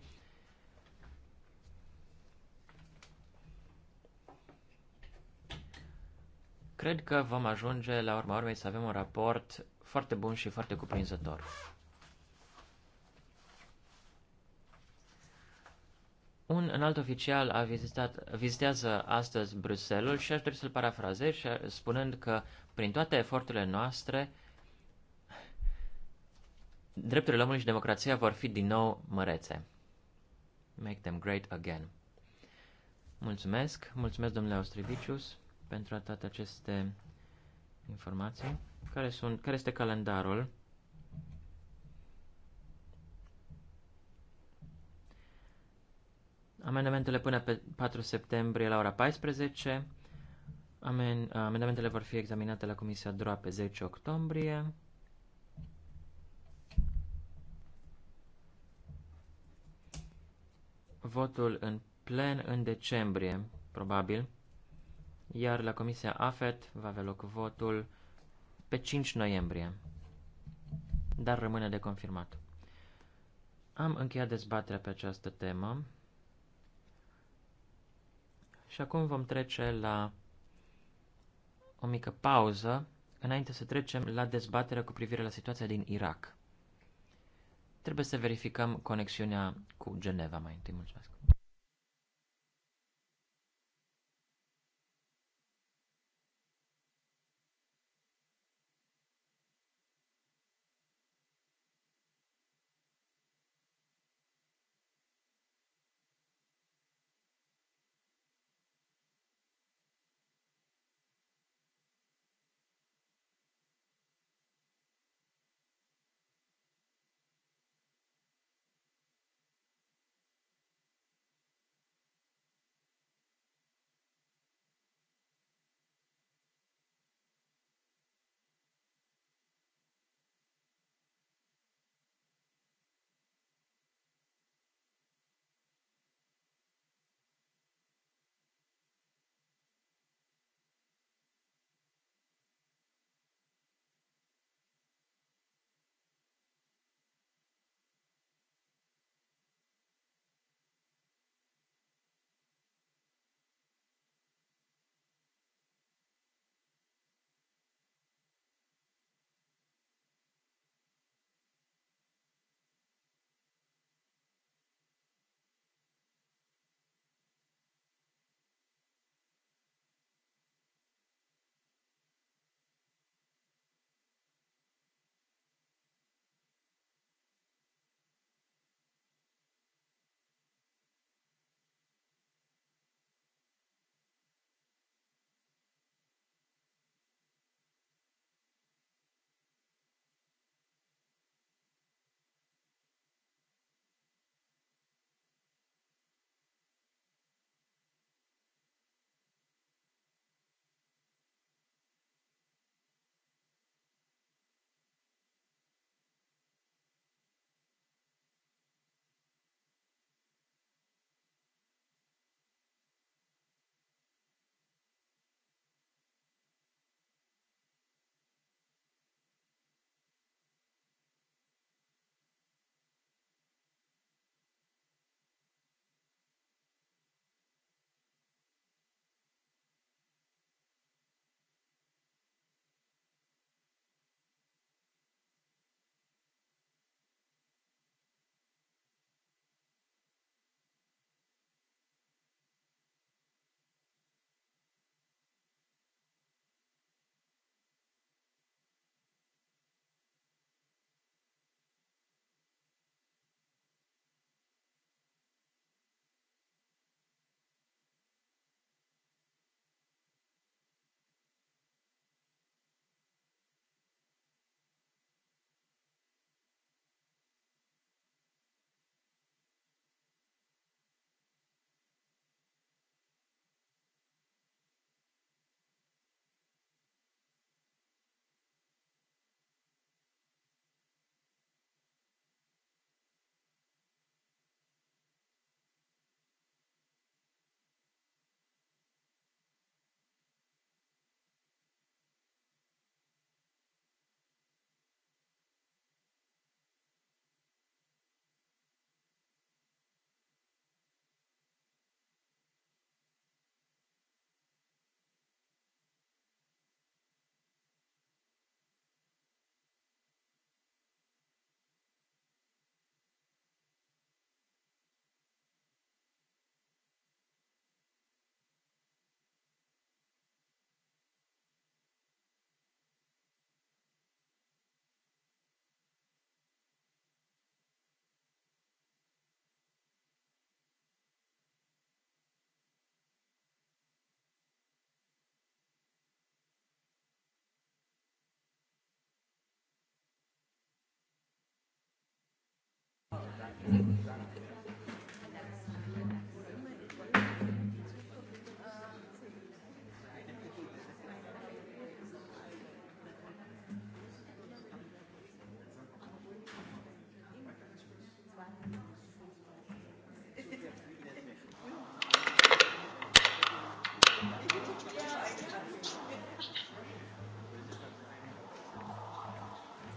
Cred că vom ajunge la urma urmei să avem un raport foarte bun și foarte cuprinzător. Un înalt oficial a vizitat, vizitează astăzi Bruselul și aș dori să-l parafrazez și a, spunând că prin toate eforturile noastre, drepturile omului și democrația vor fi din nou mărețe. Make them great again. Mulțumesc, mulțumesc domnule Ostrivicius pentru toate aceste informații. Care, sunt, care este calendarul? Amendamentele până pe 4 septembrie la ora 14. Amen, amendamentele vor fi examinate la Comisia DROA pe 10 octombrie. Votul în plen în decembrie, probabil, iar la Comisia AFET va avea loc votul pe 5 noiembrie, dar rămâne de confirmat. Am încheiat dezbaterea pe această temă. Și acum vom trece la o mică pauză înainte să trecem la dezbaterea cu privire la situația din Irak. Trebuie să verificăm conexiunea cu Geneva mai întâi. Mulțumesc!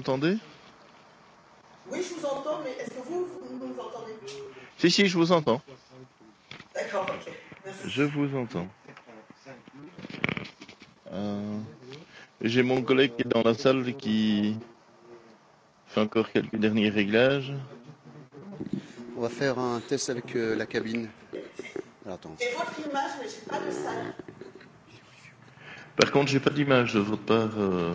m'entendez Oui, je vous entends, mais est-ce que vous, vous nous entendez Si, si, je vous entends. D'accord, ok. Merci. Je vous entends. Euh, J'ai mon collègue qui est dans la salle qui fait encore quelques derniers réglages. On va faire un test avec euh, la cabine. Alors, attends. J'ai votre image, mais je pas de salle. Par contre, je n'ai pas d'image de votre part. Euh...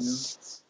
ます。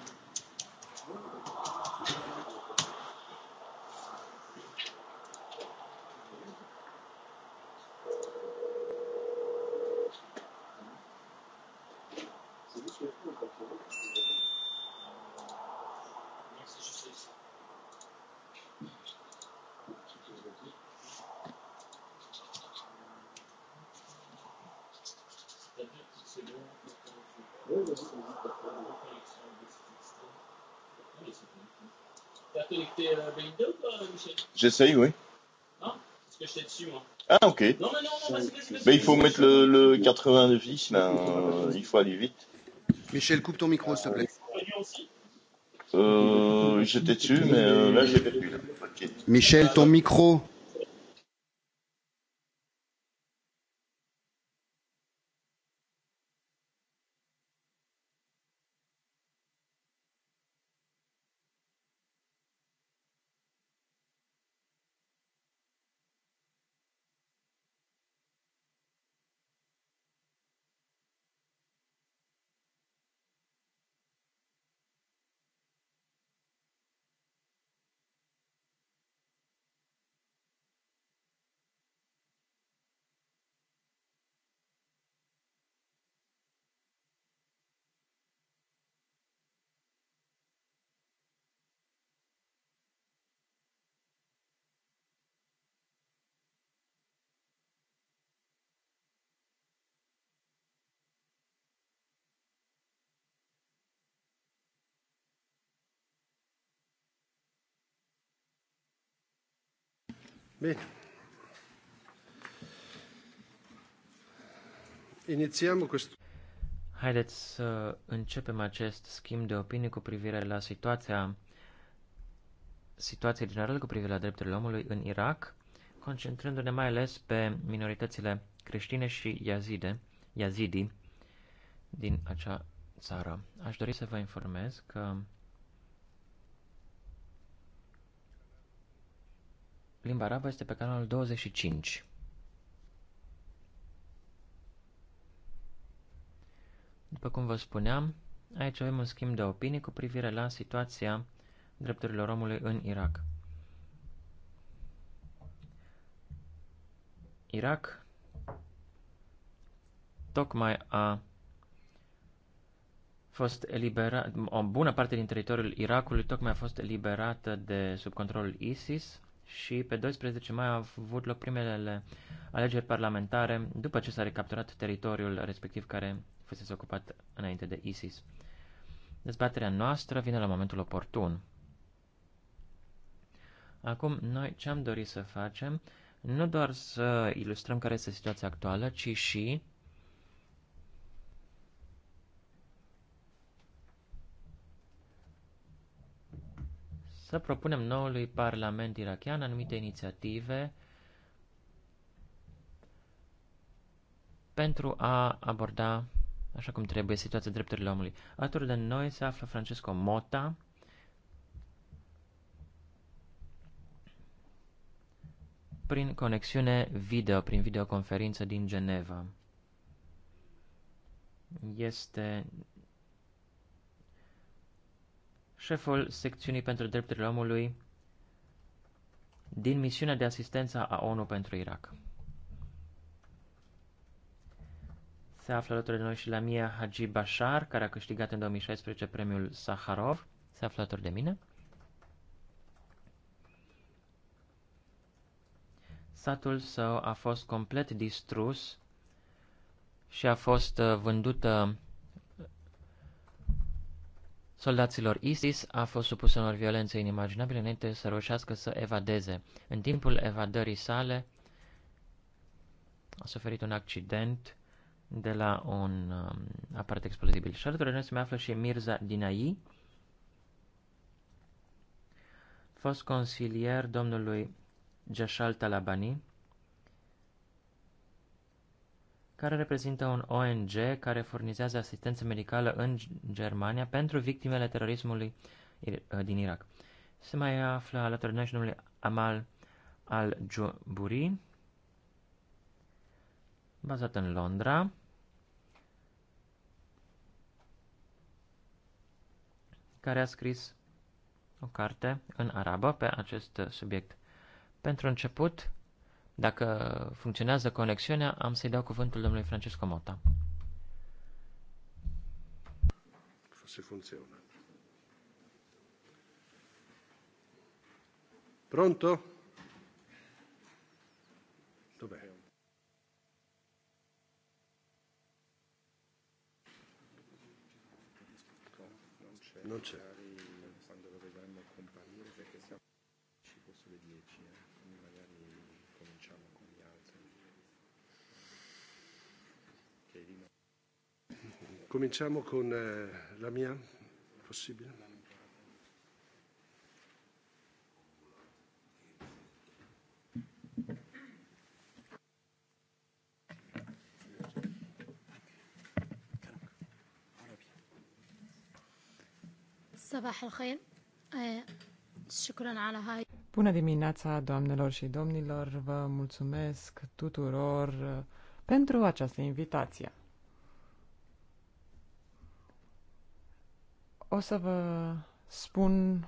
J'essaye, oui. Non, parce que j'étais dessus, moi. Ah, ok. Non, mais non, non, vas-y, vas-y. Vas Mais il faut mettre le, le 90, là. Euh, il faut aller vite. Michel, coupe ton micro, s'il te plaît. Euh, j'étais dessus, mais euh, là, j'ai perdu. Michel, ton micro. Bine. Inițiam cu... Haideți să începem acest schimb de opinii cu privire la situația situația generală cu privire la drepturile omului în Irak, concentrându-ne mai ales pe minoritățile creștine și yazide, yazidi din acea țară. Aș dori să vă informez că Limba arabă este pe canalul 25. După cum vă spuneam, aici avem un schimb de opinii cu privire la situația drepturilor omului în Irak. Irak tocmai a fost eliberat, o bună parte din teritoriul Irakului tocmai a fost eliberată de sub controlul ISIS, și pe 12 mai au avut loc primele alegeri parlamentare după ce s-a recapturat teritoriul respectiv care fusese ocupat înainte de ISIS. Dezbaterea noastră vine la momentul oportun. Acum, noi ce am dorit să facem? Nu doar să ilustrăm care este situația actuală, ci și să propunem noului Parlament irachian anumite inițiative pentru a aborda așa cum trebuie situația drepturilor omului. Alături de noi se află Francesco Mota, prin conexiune video, prin videoconferință din Geneva. Este șeful secțiunii pentru drepturile omului din misiunea de asistență a ONU pentru Irak. Se află alături de noi și la Mia Haji Bashar, care a câștigat în 2016 premiul Saharov. Se află alături de mine. Satul său a fost complet distrus și a fost uh, vândută soldaților ISIS a fost supusă unor violențe inimaginabile înainte să reușească să evadeze. În timpul evadării sale a suferit un accident de la un um, aparat explozibil. Și alături de noi se mai află și Mirza Dinai, fost consilier domnului Jashal Talabani, care reprezintă un ONG care furnizează asistență medicală în Germania pentru victimele terorismului uh, din Irak. Se mai află alături de noi numele Amal al-Juburi, bazat în Londra. care a scris o carte în arabă pe acest subiect. Pentru început, dacă funcționează conexiunea, am să-i dau cuvântul domnului Francesco Mota. Se funcționează. Pronto? Dov'è? Non c'è. Cominciamo con eh, la mia, possibile? Bună dimineața, doamnelor și domnilor! Vă mulțumesc tuturor uh, pentru această invitație. O să vă spun,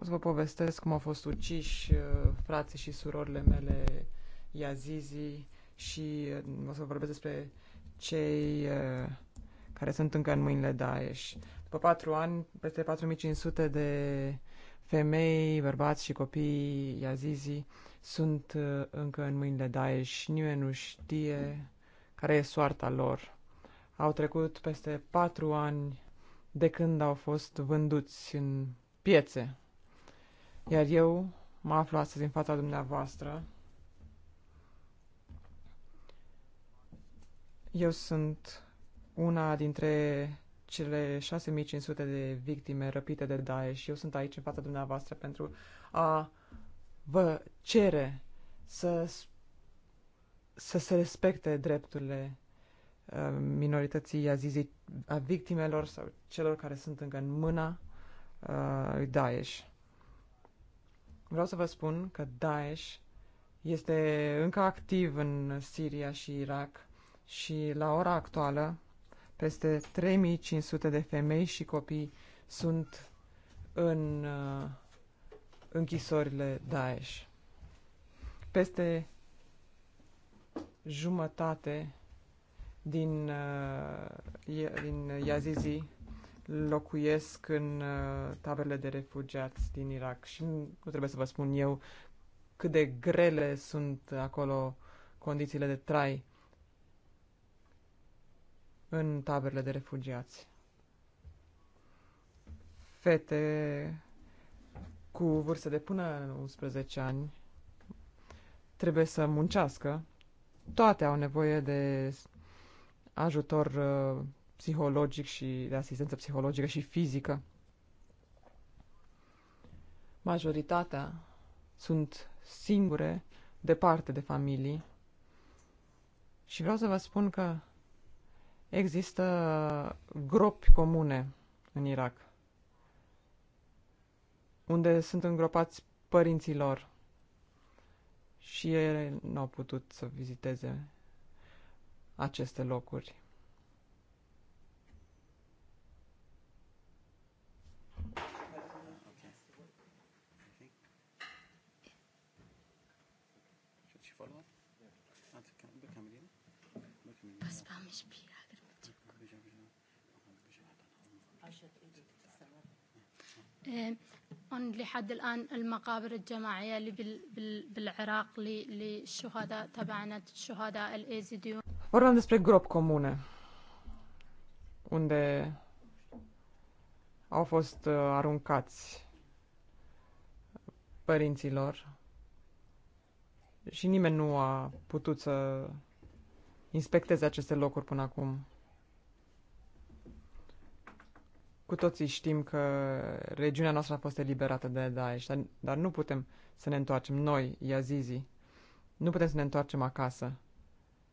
o să vă povestesc cum au fost uciși uh, frații și surorile mele, Iazizi, și uh, o să vorbesc despre cei uh, care sunt încă în mâinile Daesh. După patru ani, peste 4500 de femei, bărbați și copii Iazizi sunt încă în mâinile Daesh. Nimeni nu știe care e soarta lor. Au trecut peste patru ani de când au fost vânduți în piețe. Iar eu mă aflu astăzi în fața dumneavoastră. Eu sunt una dintre cele 6500 de victime răpite de Daesh. Eu sunt aici în fața dumneavoastră pentru a vă cere să, să se respecte drepturile Uh, minorității azizii, a victimelor sau celor care sunt încă în mâna uh, lui Daesh. Vreau să vă spun că Daesh este încă activ în Siria și Irak și la ora actuală peste 3500 de femei și copii sunt în uh, închisorile Daesh. Peste jumătate din, uh, din Yazizi locuiesc în uh, taberele de refugiați din Irak și nu trebuie să vă spun eu cât de grele sunt acolo condițiile de trai în taberele de refugiați. Fete cu vârste de până în 11 ani trebuie să muncească. Toate au nevoie de ajutor uh, psihologic și de asistență psihologică și fizică. Majoritatea sunt singure, departe de familii. Și vreau să vă spun că există gropi comune în Irak, unde sunt îngropați părinții lor și ei nu au putut să viziteze aceste locuri. Eh, لحد الآن المقابر الجماعية اللي بال بال بالعراق للشهداء تبعنا الشهداء الأيزيديون Vorbeam despre gropi comune, unde au fost uh, aruncați părinților și nimeni nu a putut să inspecteze aceste locuri până acum. Cu toții știm că regiunea noastră a fost eliberată de Daesh, dar, dar nu putem să ne întoarcem noi, Yazizii. Nu putem să ne întoarcem acasă.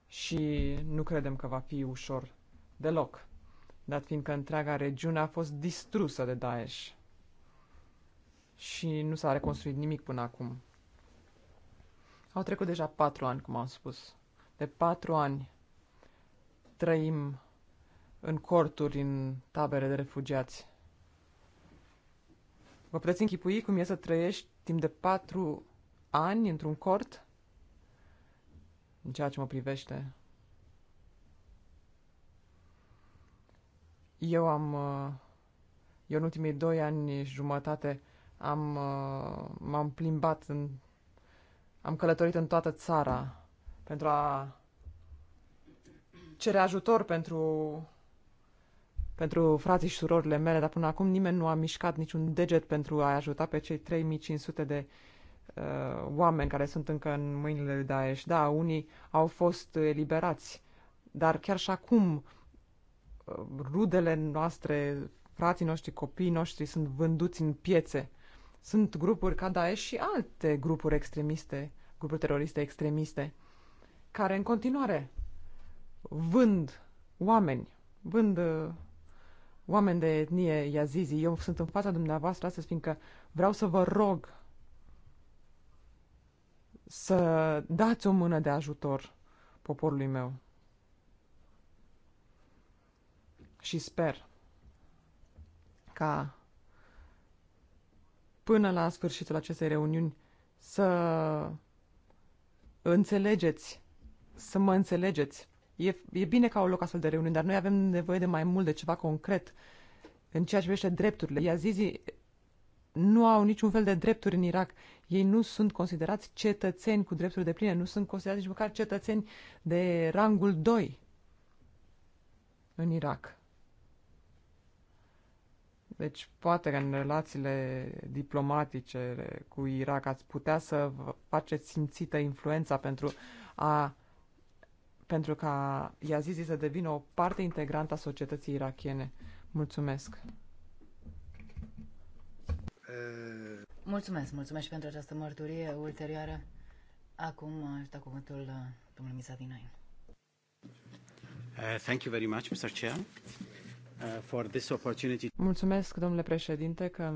Și nu credem că va fi ușor. Deloc. Dat fiindcă întreaga regiune a fost distrusă de Daesh. Și nu s-a reconstruit nimic până acum. Au trecut deja patru ani, cum am spus. De patru ani trăim în corturi, în tabere de refugiați. Vă puteți închipui cum e să trăiești timp de patru ani într-un cort? În ceea ce mă privește. Eu am... Uh, eu în ultimii doi ani și jumătate am, uh, m-am plimbat în... Am călătorit în toată țara pentru a cere ajutor pentru pentru frații și surorile mele, dar până acum nimeni nu a mișcat niciun deget pentru a ajuta pe cei 3500 de uh, oameni care sunt încă în mâinile lui Daesh. Da, unii au fost eliberați, dar chiar și acum uh, rudele noastre, frații noștri, copiii noștri sunt vânduți în piețe. Sunt grupuri ca Daesh și alte grupuri extremiste, grupuri teroriste extremiste, care în continuare vând oameni, vând uh, oameni de etnie Yazizi, eu sunt în fața dumneavoastră astăzi, fiindcă vreau să vă rog să dați o mână de ajutor poporului meu. Și sper ca până la sfârșitul acestei reuniuni să înțelegeți, să mă înțelegeți E, e bine ca au loc astfel de reuniuni, dar noi avem nevoie de mai mult, de ceva concret în ceea ce privește drepturile. Iazizii nu au niciun fel de drepturi în Irak. Ei nu sunt considerați cetățeni cu drepturi de pline, nu sunt considerați nici măcar cetățeni de rangul 2 în Irak. Deci poate că în relațiile diplomatice cu Irak ați putea să faceți simțită influența pentru a pentru ca Yazizi să devină o parte integrantă a societății irachiene. Mulțumesc! Mulțumesc, mulțumesc și pentru această mărturie ulterioară. Acum aș da cuvântul uh, domnului Mizadinain. Uh, thank you very much, Mr. Chair. Uh, for this opportunity. Mulțumesc, domnule președinte, că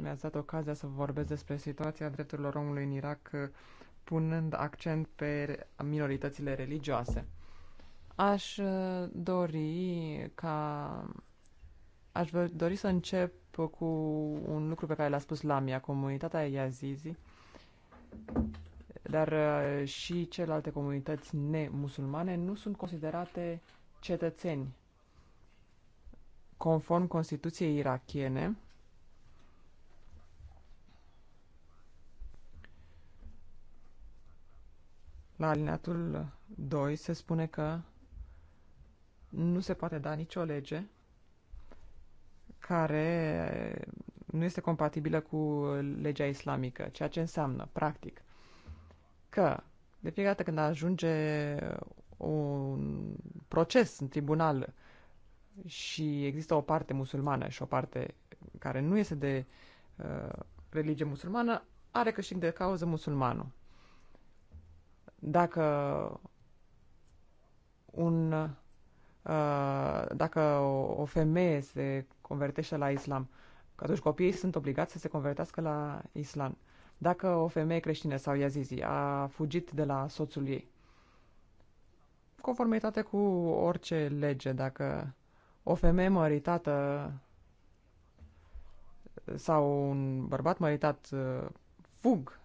mi-ați dat ocazia să vorbesc despre situația drepturilor omului în Irak uh, punând accent pe minoritățile religioase. Aș uh, dori ca aș dori să încep cu un lucru pe care l-a spus Lamia, comunitatea Iazizi, dar uh, și celelalte comunități nemusulmane nu sunt considerate cetățeni. Conform Constituției irachiene, La alineatul 2 se spune că nu se poate da nicio lege care nu este compatibilă cu legea islamică, ceea ce înseamnă, practic, că de fiecare dată când ajunge un proces în tribunal și există o parte musulmană și o parte care nu este de uh, religie musulmană, are câștig de cauză musulmanul dacă un uh, dacă o femeie se convertește la islam, că atunci copiii sunt obligați să se convertească la islam. Dacă o femeie creștină sau iazizi a fugit de la soțul ei, conformitate cu orice lege, dacă o femeie măritată sau un bărbat măritat uh, fug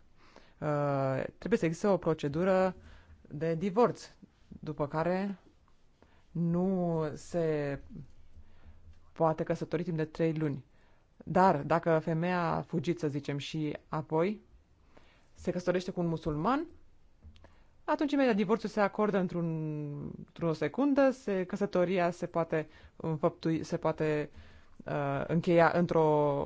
Uh, trebuie să existe o procedură de divorț, după care nu se poate căsători timp de trei luni. Dar dacă femeia a fugit, să zicem, și apoi se căsătorește cu un musulman, atunci imediat divorțul se acordă într-un, într-o secundă, se, căsătoria se poate înfăptui, se poate uh, încheia într-o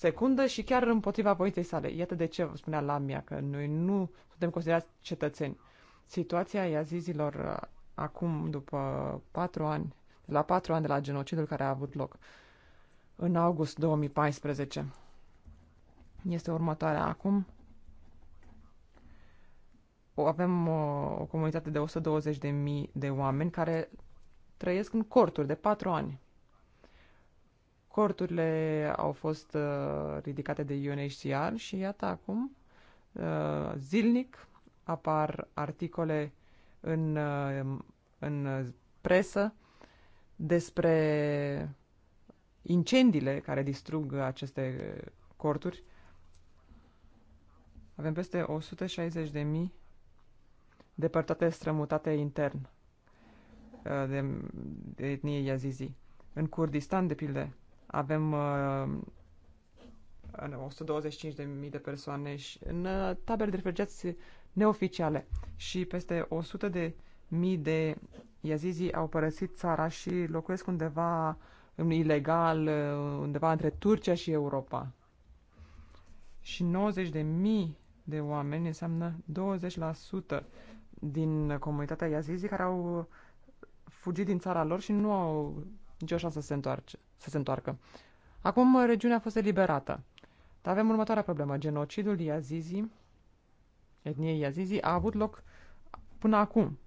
secundă și chiar împotriva voinței sale. Iată de ce spunea Lamia că noi nu suntem considerați cetățeni. Situația iazizilor uh, acum, după patru ani, de la patru ani de la genocidul care a avut loc în august 2014, este următoarea acum. Avem o, uh, o comunitate de 120.000 de oameni care trăiesc în corturi de patru ani Corturile au fost uh, ridicate de UNHCR și iată acum, uh, zilnic, apar articole în, uh, în presă despre incendiile care distrug aceste corturi. Avem peste 160.000 depărtate, strămutate intern de, de etnie Yazizi. În Kurdistan, de pildă, avem uh, 125.000 de persoane și în uh, tabere de refugiați neoficiale și peste 100 de mii de iazizi au părăsit țara și locuiesc undeva în ilegal, uh, undeva între Turcia și Europa. Și 90 de mii de oameni înseamnă 20% din comunitatea iazizi care au fugit din țara lor și nu au nicio șansă să se, întoarce, să se întoarcă. Acum uh, regiunea a fost eliberată. Dar avem următoarea problemă. Genocidul Iazizi, etniei Iazizi, a avut loc până acum.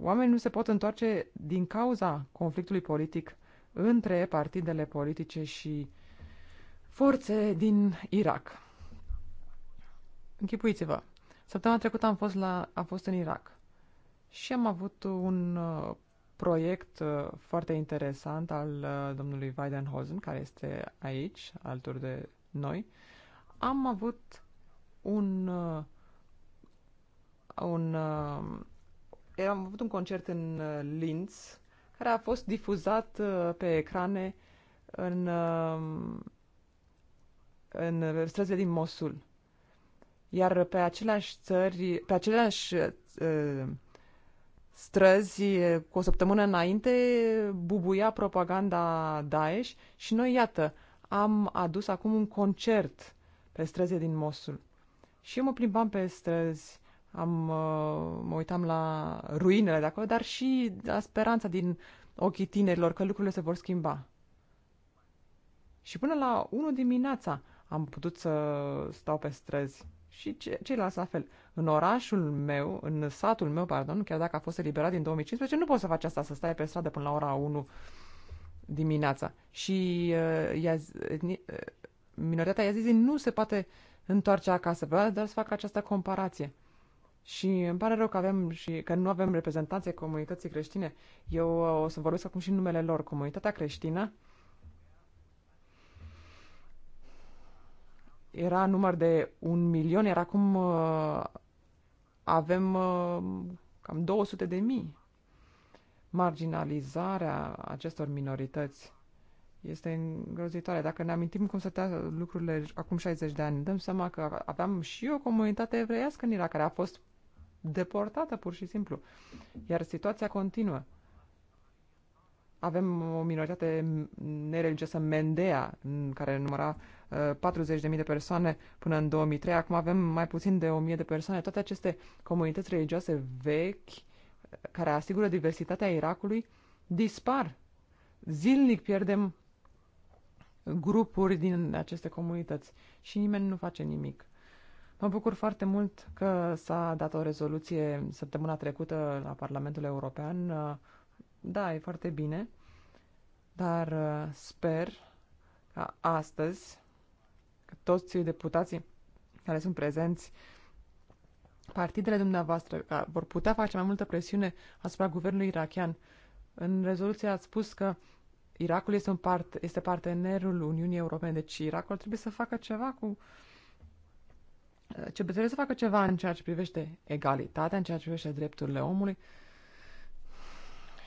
Oamenii nu se pot întoarce din cauza conflictului politic între partidele politice și forțe din Irak. Închipuiți-vă, săptămâna trecută am fost, la, am fost în Irak și am avut un uh, proiect uh, foarte interesant al uh, domnului Weidenhausen, care este aici, alături de noi. Am avut un, uh, un am avut un concert în Linz care a fost difuzat pe ecrane în, în străzile din Mosul. Iar pe aceleași țări, pe aceleași străzi cu o săptămână înainte bubuia propaganda Daesh și noi, iată, am adus acum un concert pe străzi din Mosul. Și eu mă plimbam pe străzi, am, uh, mă uitam la ruinele de acolo, dar și la speranța din ochii tinerilor că lucrurile se vor schimba. Și până la 1 dimineața am putut să stau pe străzi și ce, ceilalți la fel. În orașul meu, în satul meu, pardon, chiar dacă a fost eliberat din 2015, nu poți să faci asta, să stai pe stradă până la ora 1 dimineața. Și uh, i-a, etni, uh, minoritatea iazizii nu se poate întoarce acasă. Vreau doar să facă această comparație. Și îmi pare rău că, avem și, că nu avem reprezentanțe comunității creștine. Eu uh, o să vorbesc acum și numele lor. Comunitatea creștină uh, era număr de un milion, iar acum uh, avem uh, cam 200 de mii. Marginalizarea acestor minorități este îngrozitoare. Dacă ne amintim cum stătea lucrurile acum 60 de ani, dăm seama că aveam și o comunitate evreiască în Irak care a fost deportată pur și simplu. Iar situația continuă avem o minoritate nereligioasă, Mendea, care număra 40.000 uh, de persoane până în 2003. Acum avem mai puțin de 1.000 de persoane. Toate aceste comunități religioase vechi, uh, care asigură diversitatea Irakului, dispar. Zilnic pierdem grupuri din aceste comunități și nimeni nu face nimic. Mă bucur foarte mult că s-a dat o rezoluție săptămâna trecută la Parlamentul European uh, da, e foarte bine, dar uh, sper ca astăzi că toți deputații care sunt prezenți, partidele dumneavoastră ca vor putea face mai multă presiune asupra guvernului irachian. În rezoluție ați spus că Irakul este, un part, este partenerul Uniunii Europene, deci Irakul trebuie să facă ceva cu uh, ce trebuie să facă ceva în ceea ce privește egalitatea, în ceea ce privește drepturile omului,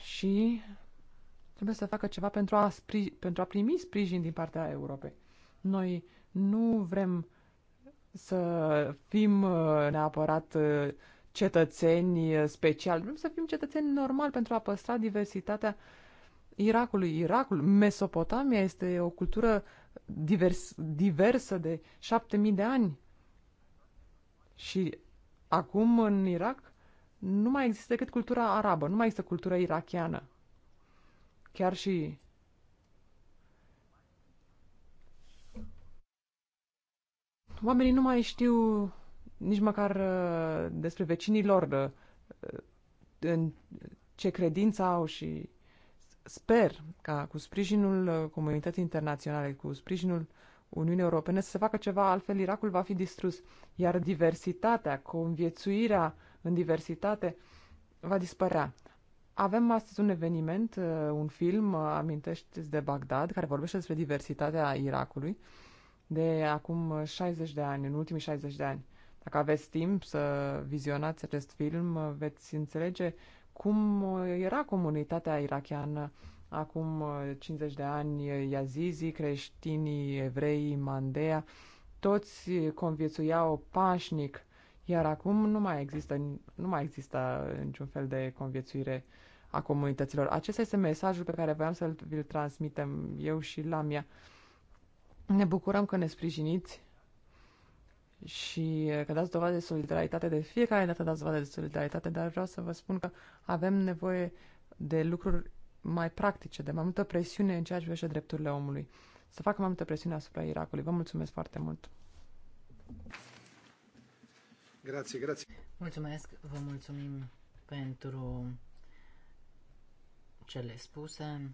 și trebuie să facă ceva pentru a, spri, pentru a primi sprijin din partea Europei. Noi nu vrem să fim uh, neapărat uh, cetățeni uh, speciali, vrem să fim cetățeni normali pentru a păstra diversitatea Irakului. Irakul, Mesopotamia este o cultură divers, diversă de șapte mii de ani. Și acum în Irak nu mai există decât cultura arabă, nu mai există cultura irachiană. Chiar și oamenii nu mai știu nici măcar uh, despre vecinii lor uh, în ce credință au și sper ca cu sprijinul uh, comunității internaționale, cu sprijinul Uniunii Europene să se facă ceva, altfel Irakul va fi distrus. Iar diversitatea, conviețuirea uh, în diversitate, va dispărea. Avem astăzi un eveniment, uh, un film, uh, amintește de Bagdad, care vorbește despre diversitatea Irakului de acum 60 de ani, în ultimii 60 de ani. Dacă aveți timp să vizionați acest film, uh, veți înțelege cum era comunitatea irachiană acum 50 de ani, yazizi, creștinii, evrei, mandea, toți conviețuiau pașnic iar acum nu mai există, nu mai există niciun fel de conviețuire a comunităților. Acesta este mesajul pe care voiam să-l vi-l transmitem eu și Lamia. Ne bucurăm că ne sprijiniți și că dați dovadă de solidaritate. De fiecare dată dați dovadă de solidaritate, dar vreau să vă spun că avem nevoie de lucruri mai practice, de mai multă presiune în ceea ce privește drepturile omului. Să facă mai multă presiune asupra Irakului. Vă mulțumesc foarte mult! Grazie, grazie. Mulțumesc, vă mulțumim pentru cele spuse,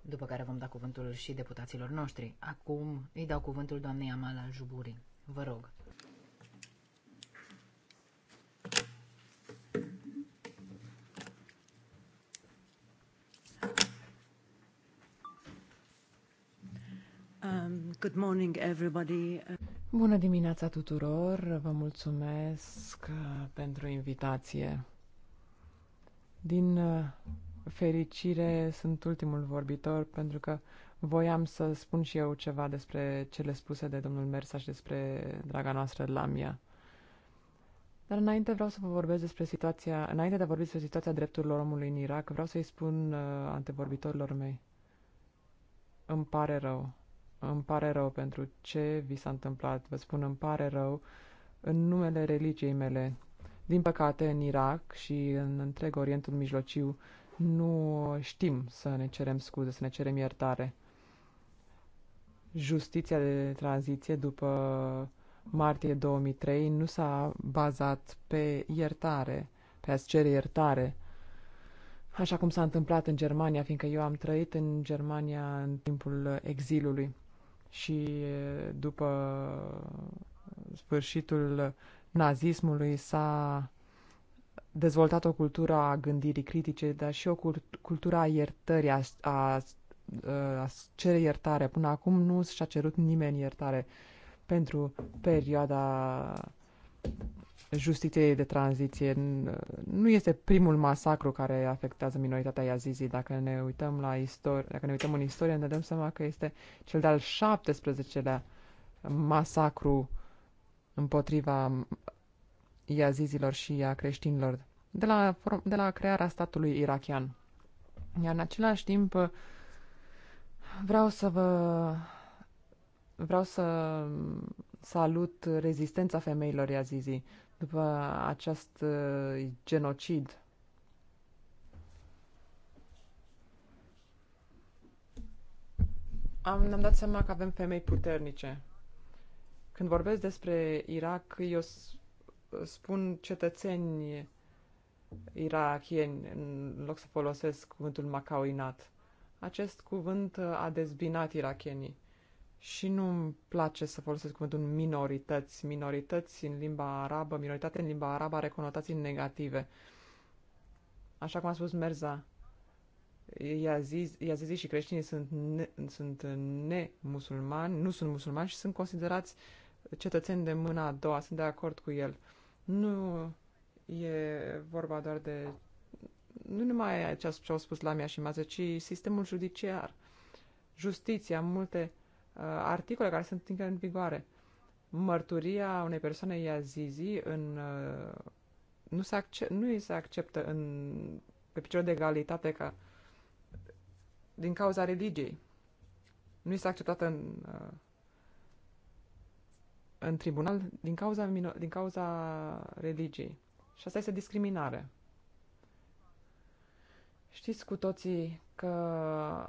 după care vom da cuvântul și deputaților noștri. Acum îi dau cuvântul doamnei Amala Juburi. Vă rog. Um, good morning, everybody. Bună dimineața tuturor, vă mulțumesc uh, pentru invitație. Din uh, fericire sunt ultimul vorbitor pentru că voiam să spun și eu ceva despre cele spuse de domnul Mersa și despre draga noastră Lamia. Dar înainte vreau să vă vorbesc despre situația, înainte de a vorbi despre situația drepturilor omului în Irak, vreau să-i spun uh, antevorbitorilor mei. Îmi pare rău. Îmi pare rău pentru ce vi s-a întâmplat. Vă spun, îmi pare rău în numele religiei mele. Din păcate, în Irak și în întreg Orientul Mijlociu nu știm să ne cerem scuze, să ne cerem iertare. Justiția de tranziție după martie 2003 nu s-a bazat pe iertare, pe a-ți cere iertare, așa cum s-a întâmplat în Germania, fiindcă eu am trăit în Germania în timpul exilului și după sfârșitul nazismului s-a dezvoltat o cultură a gândirii critice, dar și o cultură a iertării, a, a, a cere iertare. Până acum nu și-a cerut nimeni iertare pentru perioada justiției de tranziție. Nu este primul masacru care afectează minoritatea Yazizii. Dacă ne uităm la istorie, dacă ne uităm în istorie, ne dăm seama că este cel de-al 17-lea masacru împotriva Yazizilor și a creștinilor de la, de la crearea statului irachian. Iar în același timp vreau să vă vreau să salut rezistența femeilor Yazizii după acest uh, genocid. Am, ne-am dat seama că avem femei puternice. Când vorbesc despre Irak, eu spun cetățeni irakieni, în loc să folosesc cuvântul macauinat. Acest cuvânt uh, a dezbinat irakienii. Și nu îmi place să folosesc cuvântul minorități. Minorități în limba arabă, minoritate în limba arabă are conotații negative. Așa cum a spus Merza, zis și creștinii sunt, ne, sunt nemusulmani, nu sunt musulmani și sunt considerați cetățeni de mâna a doua. Sunt de acord cu el. Nu e vorba doar de nu numai ce au spus Lamia și Mază, ci sistemul judiciar, justiția, multe Uh, articole care sunt încă în vigoare. Mărturia unei persoane iazizi în, uh, nu, se accep, nu îi se acceptă în, pe picior de egalitate ca din cauza religiei. Nu este acceptată în, uh, în tribunal din cauza, din cauza religiei. Și asta este discriminare. Știți cu toții că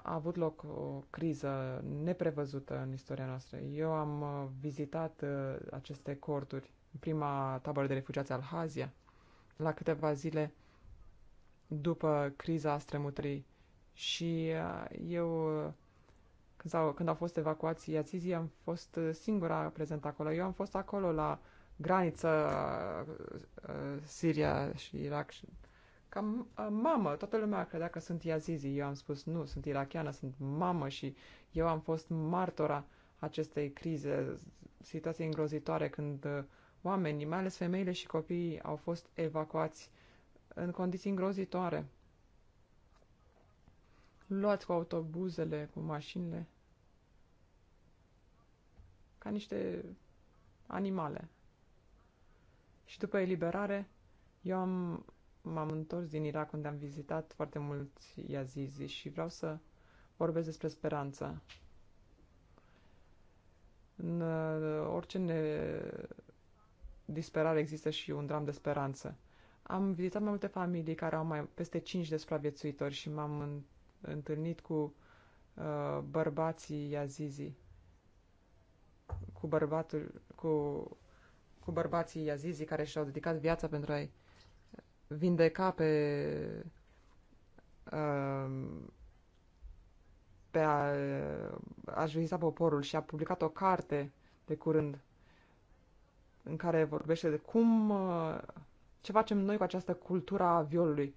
a avut loc o criză neprevăzută în istoria noastră. Eu am uh, vizitat uh, aceste corturi, prima tabără de refugiați al Hazia, la câteva zile după criza strămutării și uh, eu când au, când au fost evacuații Iațizi, am fost singura prezent acolo. Eu am fost acolo la graniță Siria și Irak și ca mamă. Toată lumea credea că sunt Iazizi. Eu am spus nu, sunt irachiană, sunt mamă și eu am fost martora acestei crize, situații îngrozitoare când uh, oamenii, mai ales femeile și copiii, au fost evacuați în condiții îngrozitoare. Luați cu autobuzele, cu mașinile, ca niște animale. Și după eliberare, eu am m-am întors din Irak unde am vizitat foarte mulți iazizi și vreau să vorbesc despre speranță. În uh, orice ne... disperare există și un dram de speranță. Am vizitat mai multe familii care au mai peste 5 de supraviețuitori și m-am întâlnit cu uh, bărbații Iazizi, cu, bărbatul, cu, cu bărbații Iazizi care și-au dedicat viața pentru a-i vindeca pe um, pe a, a juiza poporul și a publicat o carte de curând în care vorbește de cum uh, ce facem noi cu această cultură a violului.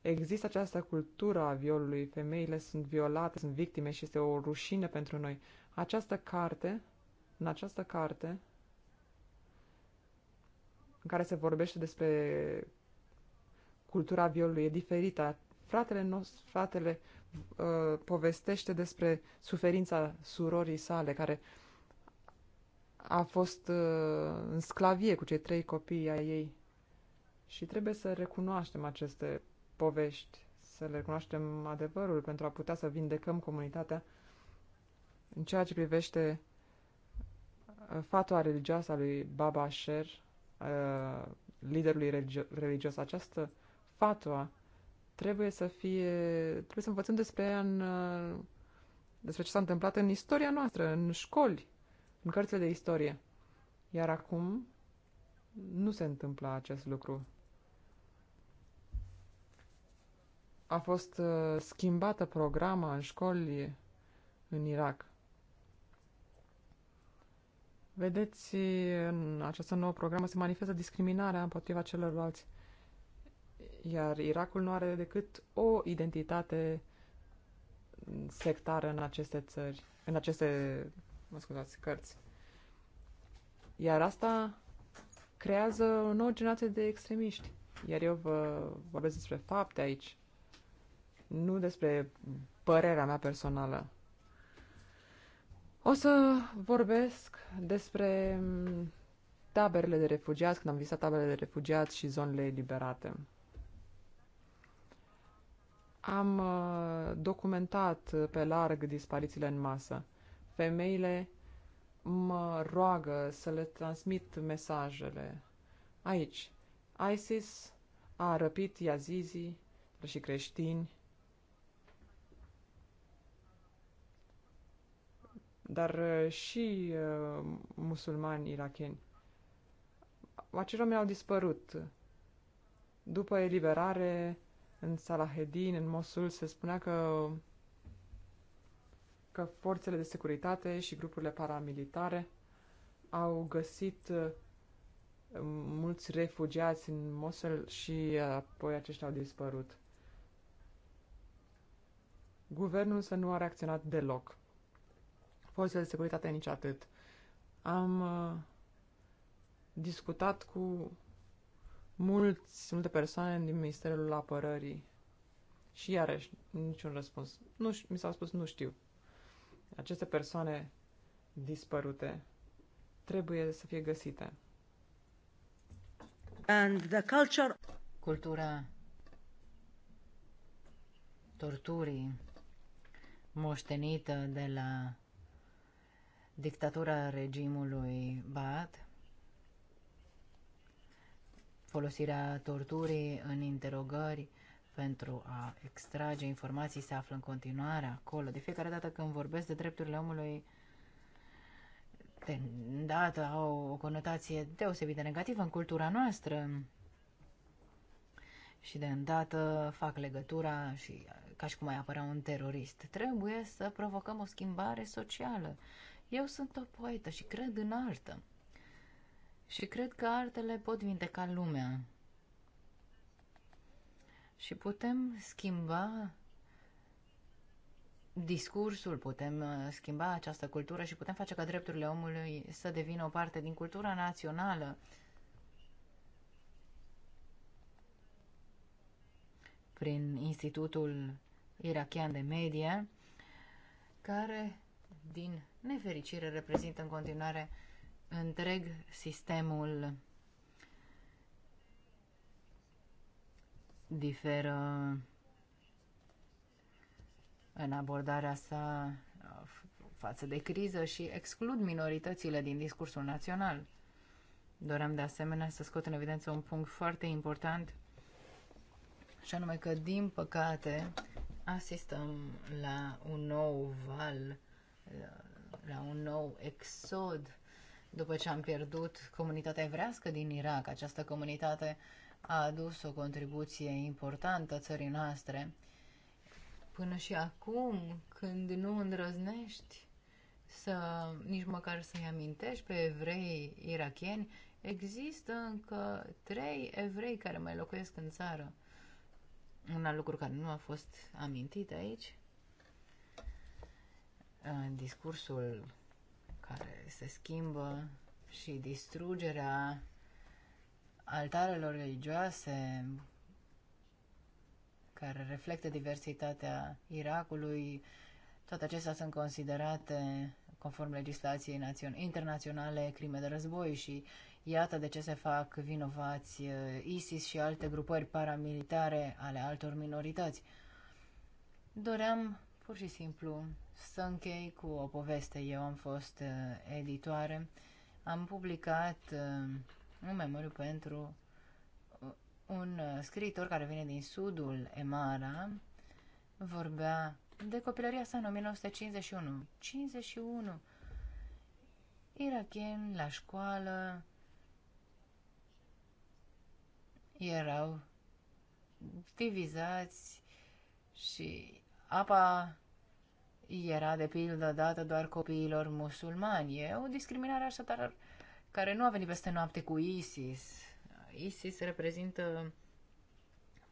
Există această cultură a violului, femeile sunt violate, sunt victime și este o rușine pentru noi. Această carte, în această carte, în care se vorbește despre cultura violului e diferită. Fratele nostru, fratele uh, povestește despre suferința surorii sale, care a fost uh, în sclavie cu cei trei copii ai ei. Și trebuie să recunoaștem aceste povești, să le recunoaștem adevărul pentru a putea să vindecăm comunitatea în ceea ce privește uh, fatua religioasă a lui Baba Sher, Uh, liderului religio- religios. Această fatua trebuie să fie, trebuie să învățăm despre ea în, uh, despre ce s-a întâmplat în istoria noastră, în școli, în cărțile de istorie. Iar acum nu se întâmplă acest lucru. A fost uh, schimbată programa în școli în Irak. Vedeți, în această nouă programă se manifestă discriminarea împotriva celorlalți. Iar Irakul nu are decât o identitate sectară în aceste țări, în aceste, mă scuzați, cărți. Iar asta creează o nouă generație de extremiști. Iar eu vă vorbesc despre fapte aici, nu despre părerea mea personală. O să vorbesc despre taberele de refugiați, când am vizitat taberele de refugiați și zonele eliberate. Am uh, documentat pe larg disparițiile în masă. Femeile mă roagă să le transmit mesajele. Aici, ISIS a răpit iazizii și creștini, dar uh, și uh, musulmani iracheni. Acei oameni au dispărut. După eliberare, în Salahedin, în Mosul, se spunea că, că forțele de securitate și grupurile paramilitare au găsit uh, mulți refugiați în Mosul și apoi aceștia au dispărut. Guvernul să nu a reacționat deloc forțele de securitate nici atât. Am uh, discutat cu mulți, multe persoane din Ministerul Apărării și iarăși niciun răspuns. Nu, mi s-a spus nu știu. Aceste persoane dispărute trebuie să fie găsite. And the culture... Cultura torturii moștenită de la dictatura regimului Baat, folosirea torturii în interogări pentru a extrage informații se află în continuare acolo. De fiecare dată când vorbesc de drepturile omului, de dată au o conotație deosebit de negativă în cultura noastră și de îndată fac legătura și ca și cum ai apărea un terorist. Trebuie să provocăm o schimbare socială. Eu sunt o poetă și cred în artă. Și cred că artele pot vindeca lumea. Și putem schimba discursul, putem uh, schimba această cultură și putem face ca drepturile omului să devină o parte din cultura națională. Prin Institutul Irachian de Medie, care din nefericire, reprezintă în continuare întreg sistemul. Diferă în abordarea sa față de criză și exclud minoritățile din discursul național. Doream de asemenea să scot în evidență un punct foarte important și anume că, din păcate, asistăm la un nou val la un nou exod după ce am pierdut comunitatea evrească din Irak. Această comunitate a adus o contribuție importantă țării noastre. Până și acum, când nu îndrăznești să nici măcar să-i amintești pe evrei irakieni, există încă trei evrei care mai locuiesc în țară. Un alt lucru care nu a fost amintit aici Eh, discursul care se schimbă și distrugerea altarelor religioase care reflectă diversitatea Irakului, toate acestea sunt considerate, conform legislației internaționale, crime de război și iată de ce se fac vinovați eh, ISIS și alte grupări paramilitare ale altor minorități. Doream pur și simplu să închei cu o poveste. Eu am fost uh, editoare, am publicat uh, un memoriu pentru uh, un uh, scriitor care vine din sudul Emara, vorbea de copilăria sa în 1951. 51! Iracheni la școală erau divizați și apa era de pildă dată doar copiilor musulmani. E o discriminare așadar care nu a venit peste noapte cu ISIS. ISIS reprezintă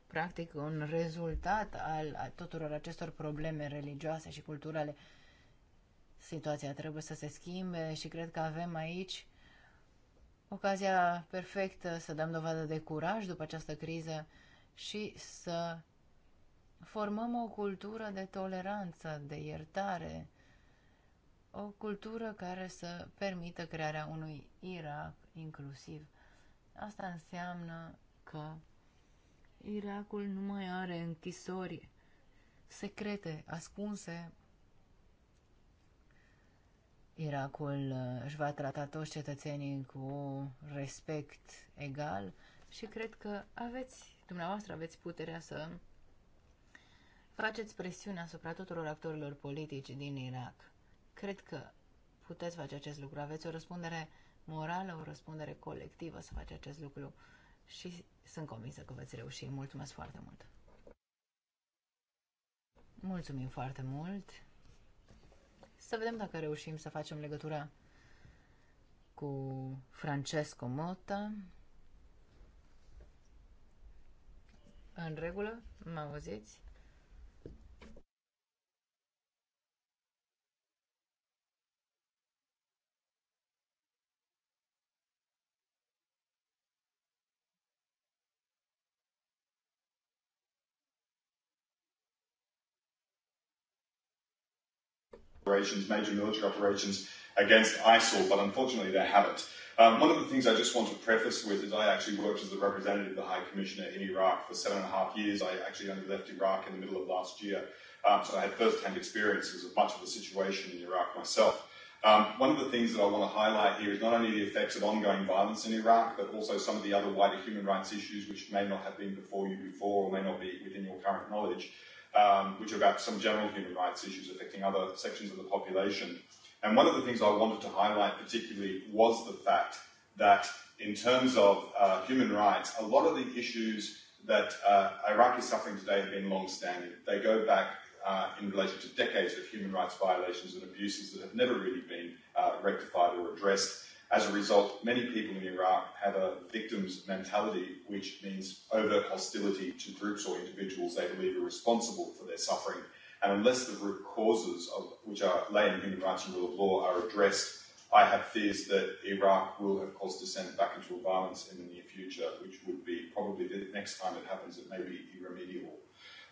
practic un rezultat al tuturor acestor probleme religioase și culturale. Situația trebuie să se schimbe și cred că avem aici ocazia perfectă să dăm dovadă de curaj după această criză și să Formăm o cultură de toleranță, de iertare, o cultură care să permită crearea unui Irak inclusiv. Asta înseamnă că Irakul nu mai are închisori secrete, ascunse. Irakul uh, își va trata toți cetățenii cu respect egal și cred că aveți, dumneavoastră aveți puterea să Faceți presiune asupra tuturor actorilor politici din Irak. Cred că puteți face acest lucru. Aveți o răspundere morală, o răspundere colectivă să faceți acest lucru și sunt convinsă că veți reuși. Mulțumesc foarte mult! Mulțumim foarte mult! Să vedem dacă reușim să facem legătura cu Francesco Motta. În regulă? Mă auziți? operations, major military operations against ISIL, but unfortunately they haven't. Um, one of the things I just want to preface with is I actually worked as the representative of the High Commissioner in Iraq for seven and a half years. I actually only left Iraq in the middle of last year, um, so I had first-hand experiences of much of the situation in Iraq myself. Um, one of the things that I want to highlight here is not only the effects of ongoing violence in Iraq, but also some of the other wider human rights issues which may not have been before you before or may not be within your current knowledge um, which are about some general human rights issues affecting other sections of the population. And one of the things I wanted to highlight particularly was the fact that in terms of uh, human rights, a lot of the issues that uh, Iraq is suffering today have been long-standing. They go back uh, in relation to decades of human rights violations and abuses that have never really been uh, rectified or addressed. As a result, many people in Iraq have a victim's mentality, which means overt hostility to groups or individuals they believe are responsible for their suffering. And unless the root causes, of, which are lay in human rights and rule of law, are addressed, I have fears that Iraq will, have caused descent back into violence in the near future, which would be probably the next time it happens, it may be irremediable.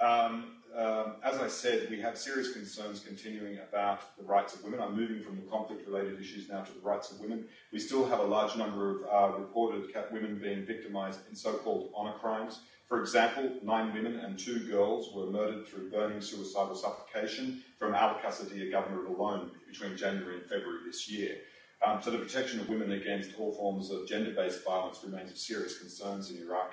Um, um, as I said, we have serious concerns continuing about the rights of women. I'm moving from the conflict-related issues now to the rights of women. We still have a large number of uh, reported women being victimized in so-called honor crimes. For example, nine women and two girls were murdered through burning, suicide, or suffocation from Al Qasadiya government alone between January and February this year. Um, so the protection of women against all forms of gender-based violence remains of serious concerns in Iraq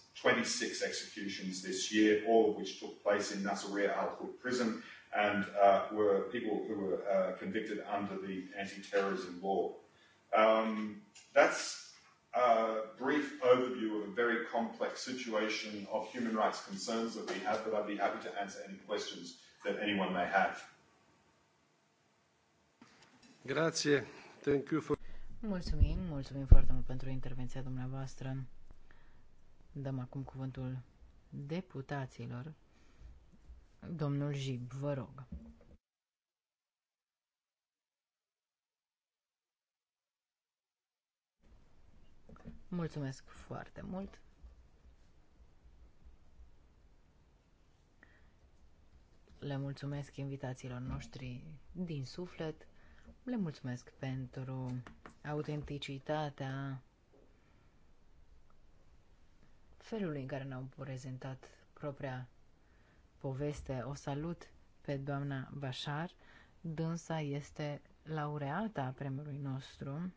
26 executions this year, all of which took place in Nasiriyah Al Hood prison and uh, were people who were uh, convicted under the anti-terrorism law. Um, that's a brief overview of a very complex situation of human rights concerns that we have, but I'd be happy to answer any questions that anyone may have. Grazie. Thank you for... Mulțumim, mulțumim foarte mult pentru intervenția dumneavoastră. Dăm acum cuvântul deputaților. Domnul Jib, vă rog. Mulțumesc foarte mult. Le mulțumesc invitațiilor noștri din suflet. Le mulțumesc pentru autenticitatea felului în care ne-au prezentat propria poveste. O salut pe doamna Bashar, dânsa este laureata premiului nostru.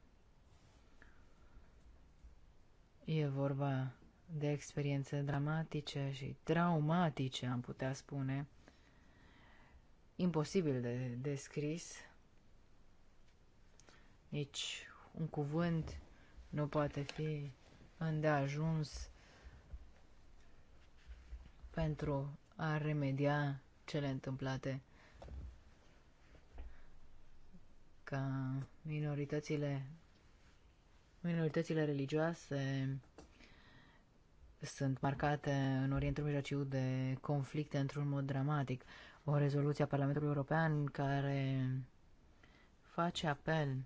E vorba de experiențe dramatice și traumatice, am putea spune, imposibil de descris. Nici un cuvânt nu poate fi îndeajuns pentru a remedia cele întâmplate ca minoritățile minoritățile religioase sunt marcate în Orientul Mijlociu de conflicte într-un mod dramatic. O rezoluție a Parlamentului European care face apel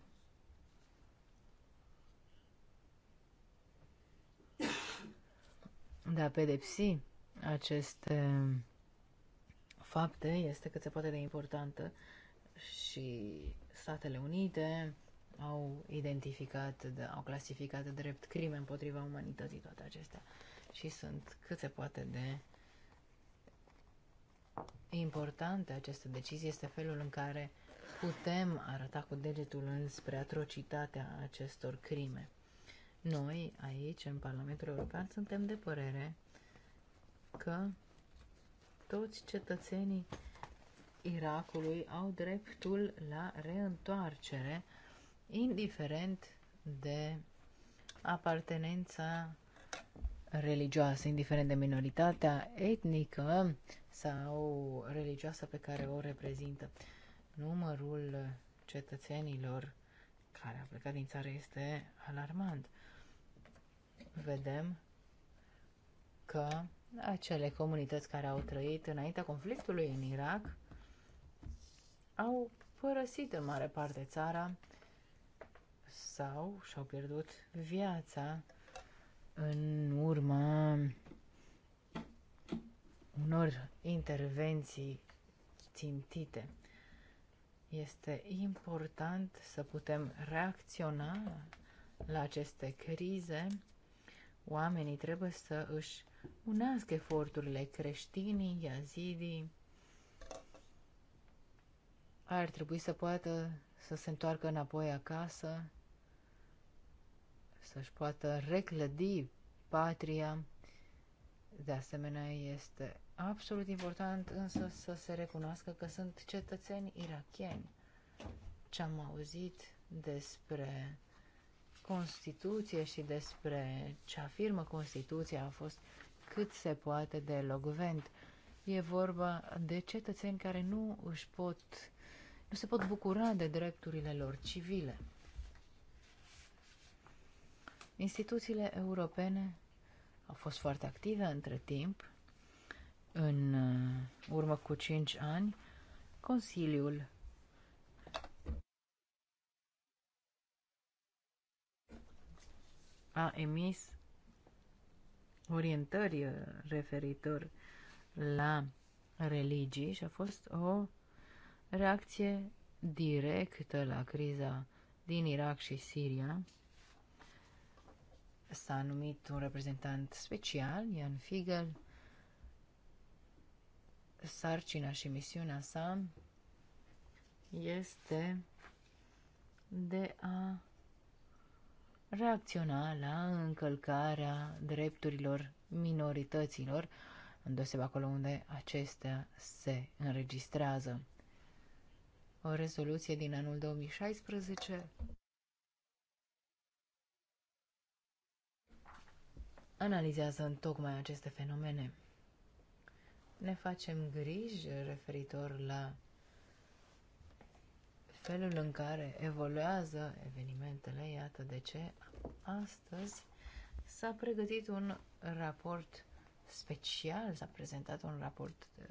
de a pedepsi aceste fapte este cât se poate de importantă și Statele Unite au identificat, au clasificat drept crime împotriva umanității toate acestea și sunt cât se poate de importante aceste decizii este felul în care putem arăta cu degetul înspre atrocitatea acestor crime. Noi, aici, în Parlamentul European, suntem de părere că toți cetățenii Irakului au dreptul la reîntoarcere, indiferent de apartenența religioasă, indiferent de minoritatea etnică sau religioasă pe care o reprezintă. Numărul cetățenilor care a plecat din țară este alarmant. Vedem că acele comunități care au trăit înaintea conflictului în Irak au părăsit în mare parte țara sau și-au pierdut viața în urma unor intervenții țintite. Este important să putem reacționa la aceste crize. Oamenii trebuie să își unească eforturile creștinii, iazidii, ar trebui să poată să se întoarcă înapoi acasă, să-și poată reclădi patria. De asemenea, este absolut important însă să se recunoască că sunt cetățeni irachieni. Ce am auzit despre Constituție și despre ce afirmă Constituția a fost cât se poate de logvent. E vorba de cetățeni care nu își pot, nu se pot bucura de drepturile lor civile. Instituțiile europene au fost foarte active între timp. În uh, urmă cu 5 ani, Consiliul a emis orientări uh, referitor la religii și a fost o reacție directă la criza din Irak și Siria. S-a numit un reprezentant special, Ian Figel. Sarcina și misiunea sa este de a reacționa la încălcarea drepturilor minorităților, îndoseb acolo unde acestea se înregistrează. O rezoluție din anul 2016 analizează în tocmai aceste fenomene. Ne facem griji referitor la felul în care evoluează evenimentele, iată de ce astăzi s-a pregătit un raport special, s-a prezentat un raport uh,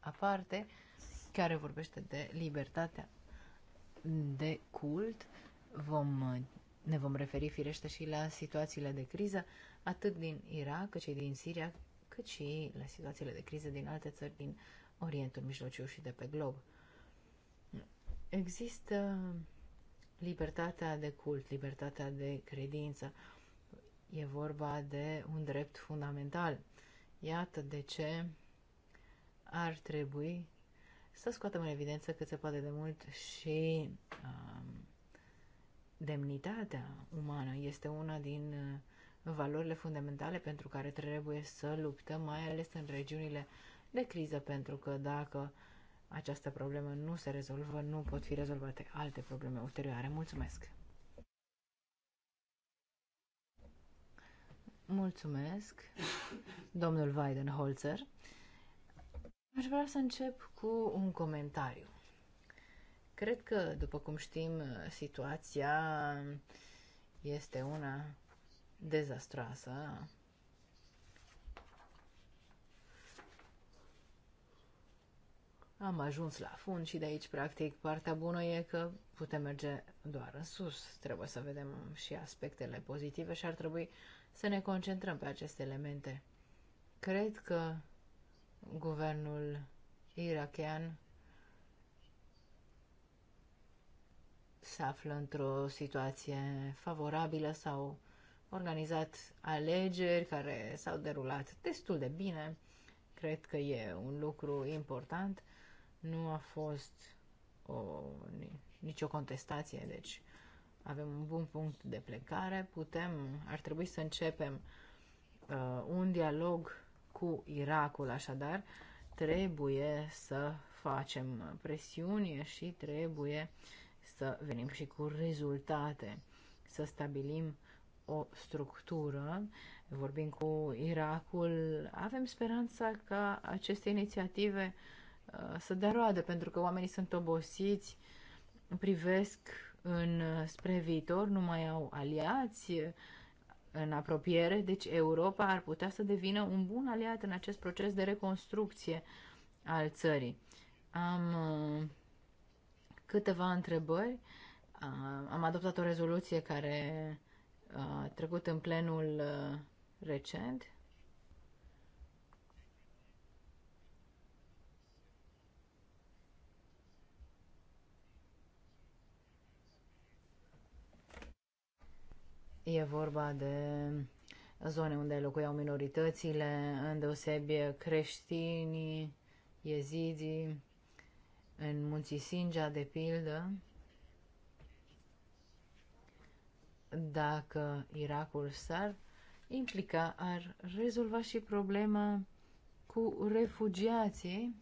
aparte care vorbește de libertatea de cult. Vom, ne vom referi firește și la situațiile de criză, atât din Irak, cât și din Siria, cât și la situațiile de criză din alte țări din Orientul Mijlociu și de pe glob. Există libertatea de cult, libertatea de credință. E vorba de un drept fundamental. Iată de ce ar trebui să scoatem în evidență cât se poate de mult și um, demnitatea umană este una din uh, valorile fundamentale pentru care trebuie să luptăm, mai ales în regiunile de criză, pentru că dacă uh, această problemă nu se rezolvă, nu pot fi rezolvate alte probleme ulterioare. Mulțumesc! Mulțumesc, domnul Weidenholzer. Aș vrea să încep cu un comentariu. Cred că, după cum știm, situația este una dezastroasă am ajuns la fund și de aici, practic, partea bună e că putem merge doar în sus. Trebuie să vedem și aspectele pozitive și ar trebui să ne concentrăm pe aceste elemente. Cred că guvernul irachean se află într-o situație favorabilă sau organizat alegeri care s-au derulat destul de bine. Cred că e un lucru important nu a fost o, nicio contestație, deci avem un bun punct de plecare. Putem, ar trebui să începem uh, un dialog cu Irakul, așadar trebuie să facem presiune și trebuie să venim și cu rezultate, să stabilim o structură, vorbim cu Irakul, avem speranța ca aceste inițiative uh, Uh, să dea roade, pentru că oamenii sunt obosiți, privesc în, uh, spre viitor, nu mai au aliați uh, în apropiere, deci Europa ar putea să devină un bun aliat în acest proces de reconstrucție al țării. Am câteva întrebări. Am adoptat o rezoluție care a trecut în plenul recent E vorba de zone unde locuiau minoritățile, îndeosebi creștinii, iezidii, în munții Sinja, de pildă. Dacă Irakul s-ar implica, ar rezolva și problema cu refugiații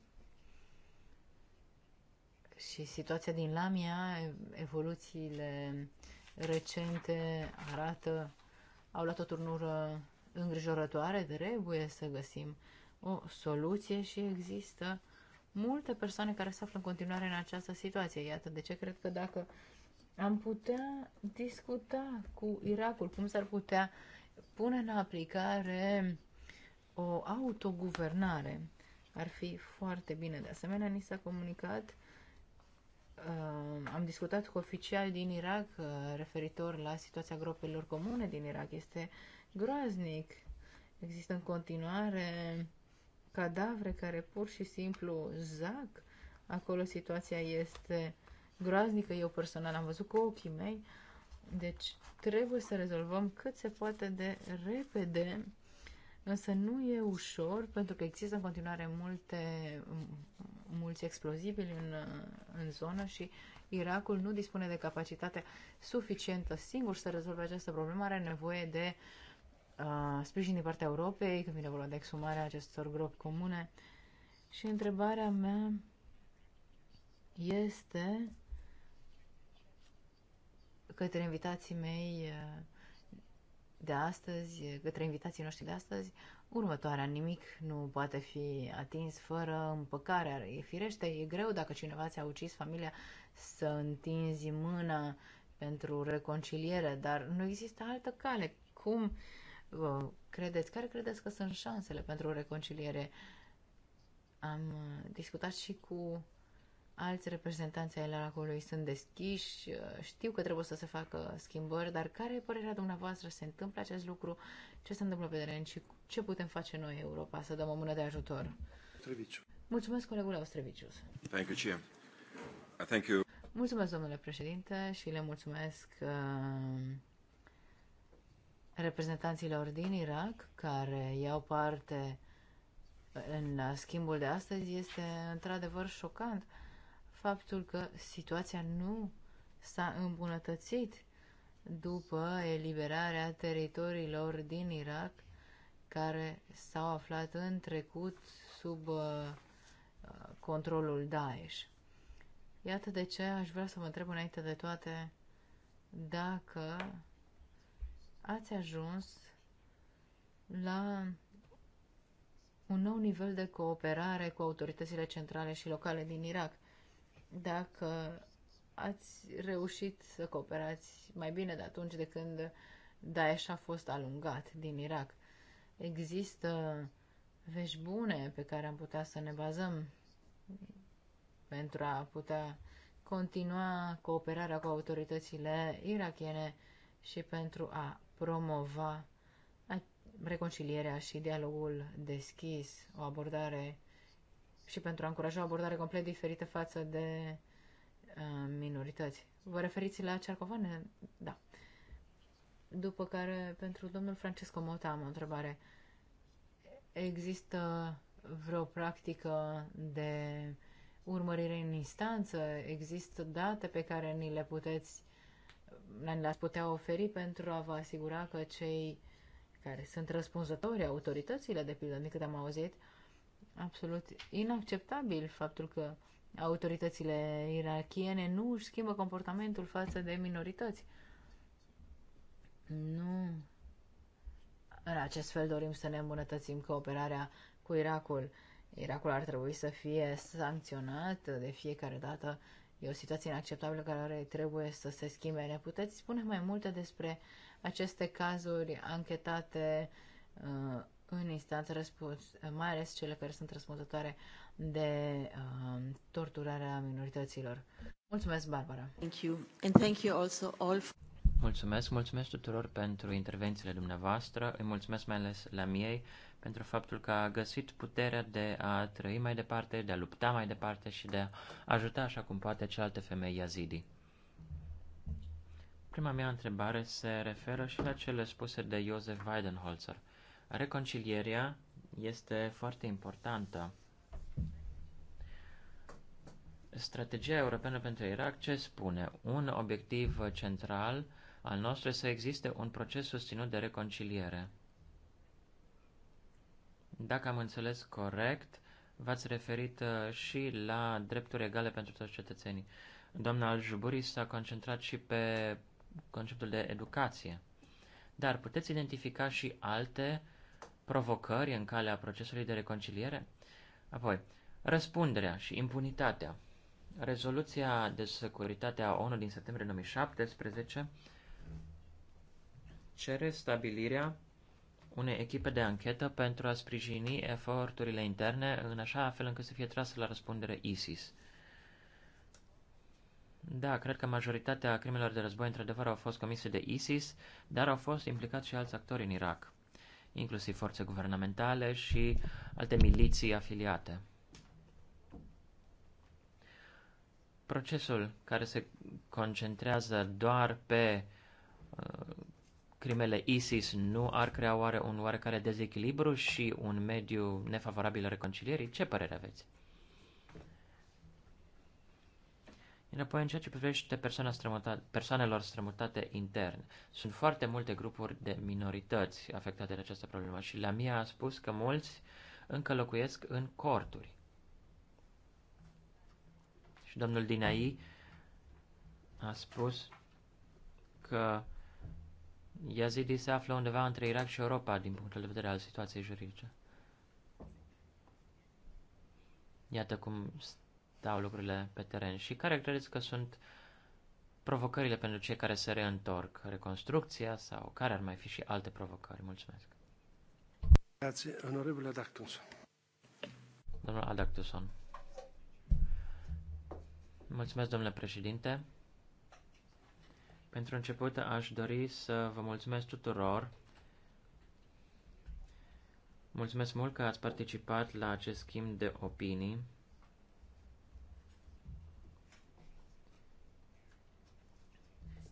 și situația din Lamia, evoluțiile recente arată, au luat o turnură îngrijorătoare, trebuie să găsim o soluție și există multe persoane care se află în continuare în această situație. Iată de ce cred că dacă am putea discuta cu Irakul cum s-ar putea pune în aplicare o autoguvernare. Ar fi foarte bine. De asemenea, ni s-a comunicat Uh, am discutat cu oficiali din Irak uh, referitor la situația gropelor comune din Irak. Este groaznic. Există în continuare cadavre care pur și simplu zac. Acolo situația este groaznică. Eu personal am văzut cu ochii mei. Deci trebuie să rezolvăm cât se poate de repede Însă nu e ușor, pentru că există în continuare multe, mulți explozibili în, în zonă și Irakul nu dispune de capacitate suficientă singur să rezolve această problemă, are nevoie de uh, sprijin din partea Europei, când vine vorba de exumarea acestor gropi comune. Și întrebarea mea este către invitații mei uh, de astăzi, către invitații noștri de astăzi, următoarea. Nimic nu poate fi atins fără împăcare. E firește, e greu dacă cineva ți-a ucis familia să întinzi mâna pentru reconciliere, dar nu există altă cale. Cum uh, credeți? Care credeți că sunt șansele pentru reconciliere? Am uh, discutat și cu alți reprezentanți ai lacului sunt deschiși, știu că trebuie să se facă schimbări, dar care e părerea dumneavoastră? Se întâmplă acest lucru? Ce se întâmplă pe teren și ce putem face noi, Europa, să dăm o mână de ajutor? Treviciu. Mulțumesc, colegul Austrevicius. Thank you, Thank you. Mulțumesc, domnule președinte, și le mulțumesc uh, reprezentanților din Irak care iau parte în schimbul de astăzi. Este într-adevăr șocant faptul că situația nu s-a îmbunătățit după eliberarea teritoriilor din Irak care s-au aflat în trecut sub uh, controlul Daesh. Iată de ce aș vrea să vă întreb înainte de toate dacă ați ajuns la un nou nivel de cooperare cu autoritățile centrale și locale din Irak dacă ați reușit să cooperați mai bine de atunci de când Daesh a fost alungat din Irak. Există vești bune pe care am putea să ne bazăm pentru a putea continua cooperarea cu autoritățile irakiene și pentru a promova reconcilierea și dialogul deschis, o abordare și pentru a încuraja o abordare complet diferită față de uh, minorități. Vă referiți la Cercovane? Da. După care, pentru domnul Francesco Mota am o întrebare. Există vreo practică de urmărire în instanță? Există date pe care ni le puteți ne le-ați putea oferi pentru a vă asigura că cei care sunt răspunzători, autoritățile, de pildă, din câte am auzit, absolut inacceptabil faptul că autoritățile irachiene nu își schimbă comportamentul față de minorități. Nu. În acest fel dorim să ne îmbunătățim cooperarea cu Irakul. Irakul ar trebui să fie sancționat de fiecare dată. E o situație inacceptabilă care trebuie să se schimbe. Ne puteți spune mai multe despre aceste cazuri anchetate uh, în instanță răspuns, mai ales cele care sunt răspunzătoare de uh, torturarea minorităților. Mulțumesc, Barbara! Thank you. And thank you also all for... Mulțumesc, mulțumesc tuturor pentru intervențiile dumneavoastră, îi mulțumesc mai ales la miei pentru faptul că a găsit puterea de a trăi mai departe, de a lupta mai departe și de a ajuta așa cum poate celelalte femei yazidi. Prima mea întrebare se referă și la cele spuse de Joseph Weidenholzer. Reconcilierea este foarte importantă. Strategia europeană pentru Irak ce spune? Un obiectiv central al nostru este să existe un proces susținut de reconciliere. Dacă am înțeles corect, v-ați referit uh, și la drepturi egale pentru toți cetățenii. Doamna Aljuburi s-a concentrat și pe conceptul de educație. Dar puteți identifica și alte uh, provocări în calea procesului de reconciliere? Apoi, răspunderea și impunitatea. Rezoluția de securitate a ONU din septembrie 2017 cere stabilirea unei echipe de anchetă pentru a sprijini eforturile interne în așa fel încât să fie trasă la răspundere ISIS. Da, cred că majoritatea crimelor de război într-adevăr au fost comise de ISIS, dar au fost implicați și alți actori în Irak inclusiv forțe guvernamentale și alte miliții afiliate. Procesul care se concentrează doar pe uh, crimele ISIS nu ar crea oare un oarecare dezechilibru și un mediu nefavorabil reconcilierii? Ce părere aveți? Iar apoi, în ceea ce privește persoanelor strămutate interne, sunt foarte multe grupuri de minorități afectate de această problemă și la mie a spus că mulți încă locuiesc în corturi. Și domnul Dinai a spus că Yazidii se află undeva între Irak și Europa din punctul de vedere al situației juridice. Iată cum dau lucrurile pe teren și care credeți că sunt provocările pentru cei care se reîntorc, reconstrucția sau care ar mai fi și alte provocări? Mulțumesc. Grazie, onorevole Adactuson. Domnul Adactuson. Mulțumesc, domnule președinte. Pentru început aș dori să vă mulțumesc tuturor. Mulțumesc mult că ați participat la acest schimb de opinii.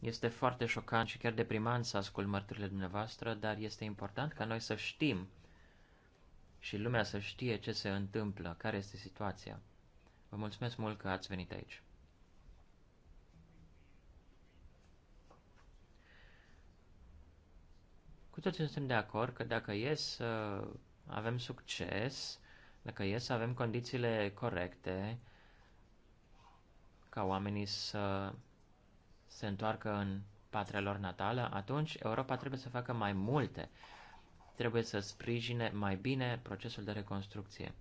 Este foarte șocant și chiar deprimant să ascult mărturile dumneavoastră, dar este important ca noi să știm și lumea să știe ce se întâmplă, care este situația. Vă mulțumesc mult că ați venit aici. Cu toți suntem de acord că dacă e să avem succes, dacă e să avem condițiile corecte, ca oamenii să se întoarcă în patria lor natală, atunci Europa trebuie să facă mai multe. Trebuie să sprijine mai bine procesul de reconstrucție.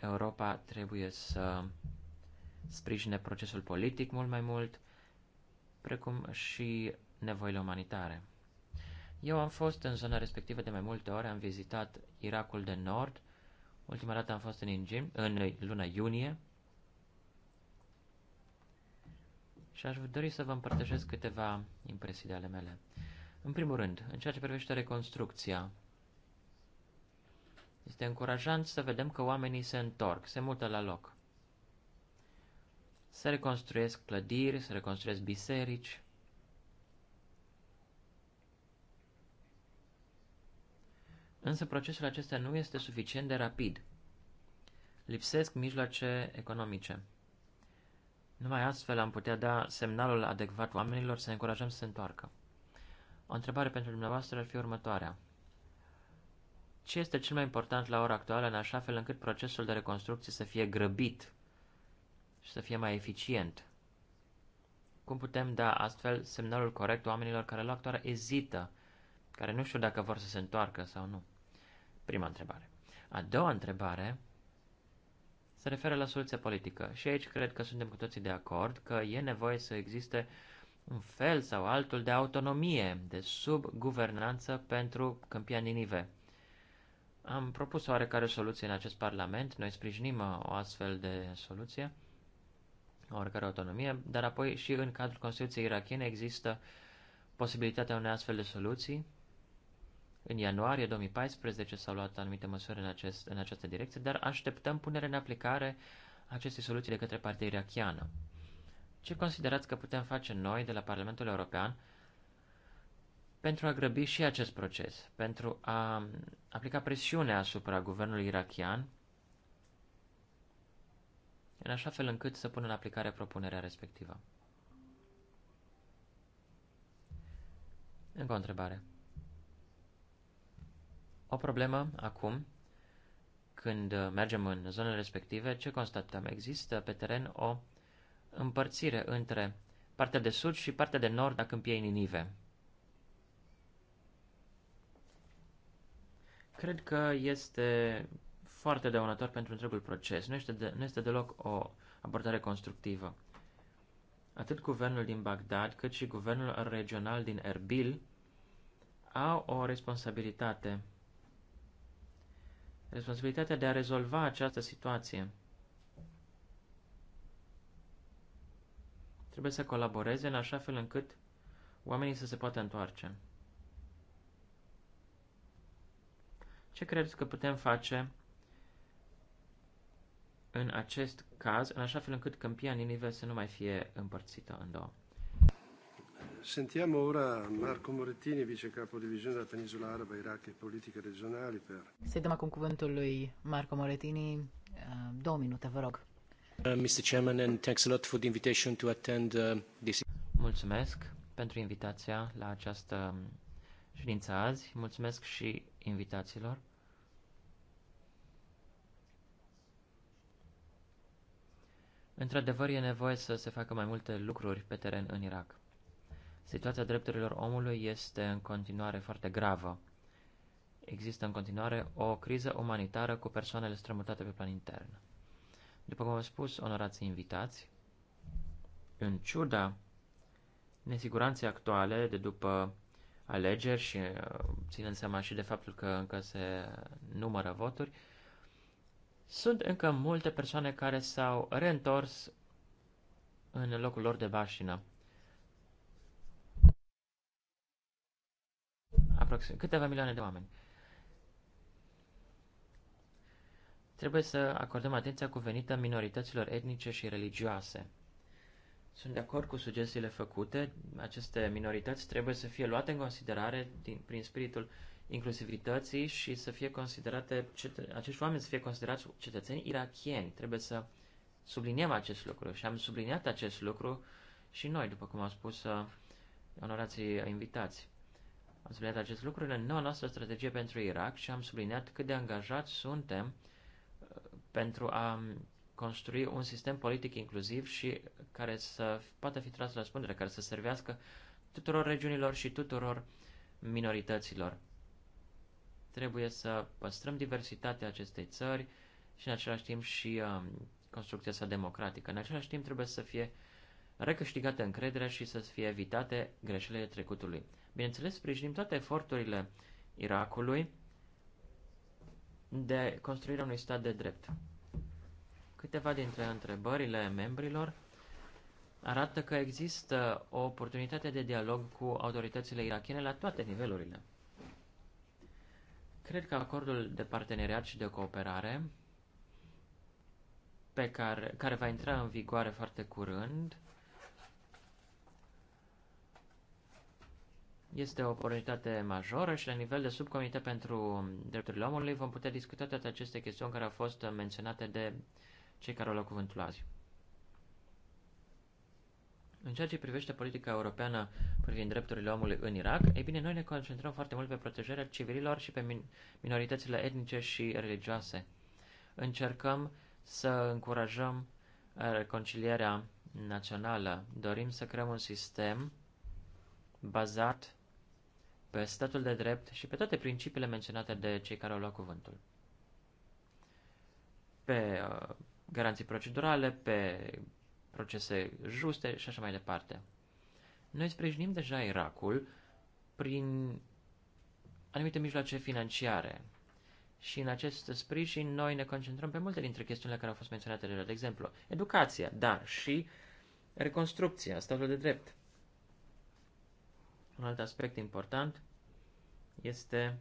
Europa trebuie să sprijine procesul politic mult mai mult, precum și nevoile umanitare. Eu am fost în zona respectivă de mai multe ori, am vizitat Irakul de Nord, ultima dată am fost în, Ingin, în luna iunie, și aș dori să vă împărtășesc câteva impresii de ale mele. În primul rând, în ceea ce privește reconstrucția, este încurajant să vedem că oamenii se întorc, se mută la loc. Se reconstruiesc clădiri, se reconstruiesc biserici. Însă procesul acesta nu este suficient de rapid. Lipsesc mijloace economice. Numai astfel am putea da semnalul adecvat oamenilor să încurajăm să se întoarcă. O întrebare pentru dumneavoastră ar fi următoarea. Ce este cel mai important la ora actuală în așa fel încât procesul de reconstrucție să fie grăbit și să fie mai eficient? Cum putem da astfel semnalul corect oamenilor care la actuală ezită, care nu știu dacă vor să se întoarcă sau nu? Prima întrebare. A doua întrebare se referă la soluția politică. Și aici cred că suntem cu toții de acord că e nevoie să existe un fel sau altul de autonomie, de subguvernanță pentru Câmpia Ninive. Am propus oarecare soluție în acest Parlament, noi sprijinim o astfel de soluție, oarecare autonomie, dar apoi și în cadrul Constituției irachiene există posibilitatea unei astfel de soluții, în ianuarie 2014 s-au luat anumite măsuri în, acest, în această direcție, dar așteptăm punerea în aplicare acestei soluții de către partea irachiană. Ce considerați că putem face noi de la Parlamentul European pentru a grăbi și acest proces, pentru a aplica presiune asupra guvernului irachian, în așa fel încât să pună în aplicare propunerea respectivă? Încă o întrebare. O problemă acum, când uh, mergem în zonele respective, ce constatăm? Există pe teren o împărțire între partea de sud și partea de nord a câmpiei Ninive. Cred că este foarte dăunător pentru întregul proces. Nu este, de, nu este deloc o abordare constructivă. Atât guvernul din Bagdad, cât și guvernul regional din Erbil au o responsabilitate responsabilitatea de a rezolva această situație. Trebuie să colaboreze în așa fel încât oamenii să se poată întoarce. Ce credeți că putem face în acest caz, în așa fel încât câmpia Ninive să nu mai fie împărțită în două? Sentiamo ora Marco Morettini, vice vicecapo divisione della Penisola Araba, Iraq e politiche regionali. Per... Sentiamo con cuvento lui Marco Morettini. Eh, două minute, vă rog. Uh, Mr. Chairman, and thanks a lot for the invitation to attend uh, this. Mulțumesc pentru invitația la această um, ședință azi. Mulțumesc și invitațiilor. Într-adevăr, e nevoie să se facă mai multe lucruri pe teren în Irak. Situația drepturilor omului este în continuare foarte gravă. Există în continuare o criză umanitară cu persoanele strămutate pe plan intern. După cum am spus, onorați invitați, în ciuda nesiguranței actuale de după alegeri și uh, ținând seama și de faptul că încă se numără voturi, sunt încă multe persoane care s-au reîntors în locul lor de bașină. aproxim, câteva milioane de oameni. Trebuie să acordăm atenția cuvenită minorităților etnice și religioase. Sunt de acord cu sugestiile făcute. Aceste minorități trebuie să fie luate în considerare din, prin spiritul inclusivității și să fie considerate, acești oameni să fie considerați cetățeni irachieni. Trebuie să subliniem acest lucru și am subliniat acest lucru și noi, după cum au spus uh, onorații invitați. Am subliniat acest lucru în noua noastră strategie pentru Irak și am subliniat cât de angajați suntem uh, pentru a construi un sistem politic inclusiv și care să poată fi tras la răspundere, care să servească tuturor regiunilor și tuturor minorităților. Trebuie să păstrăm diversitatea acestei țări și în același timp și um, construcția sa democratică. În același timp trebuie să fie recâștigată încrederea și să fie evitate greșelile trecutului. Bineînțeles, sprijinim toate eforturile Irakului de construirea unui stat de drept. Câteva dintre întrebările membrilor arată că există o oportunitate de dialog cu autoritățile irakiene la toate nivelurile. Cred că acordul de parteneriat și de cooperare pe care, care va intra în vigoare foarte curând Este o oportunitate majoră și la nivel de subcomitet pentru drepturile omului vom putea discuta toate aceste chestiuni care au fost menționate de cei care au luat cuvântul azi. În ceea ce privește politica europeană privind drepturile omului în Irak, ei bine, noi ne concentrăm foarte mult pe protejarea civililor și pe min minoritățile etnice și religioase. Încercăm să încurajăm uh, reconcilierea națională. Dorim să creăm un sistem bazat pe statul de drept și pe toate principiile menționate de cei care au luat cuvântul. Pe uh, garanții procedurale, pe procese juste și așa mai departe. Noi sprijinim deja Irakul prin anumite mijloace financiare și în acest sprijin noi ne concentrăm pe multe dintre chestiunile care au fost menționate deja, de exemplu, educația, dar și reconstrucția, statul de drept, un alt aspect important este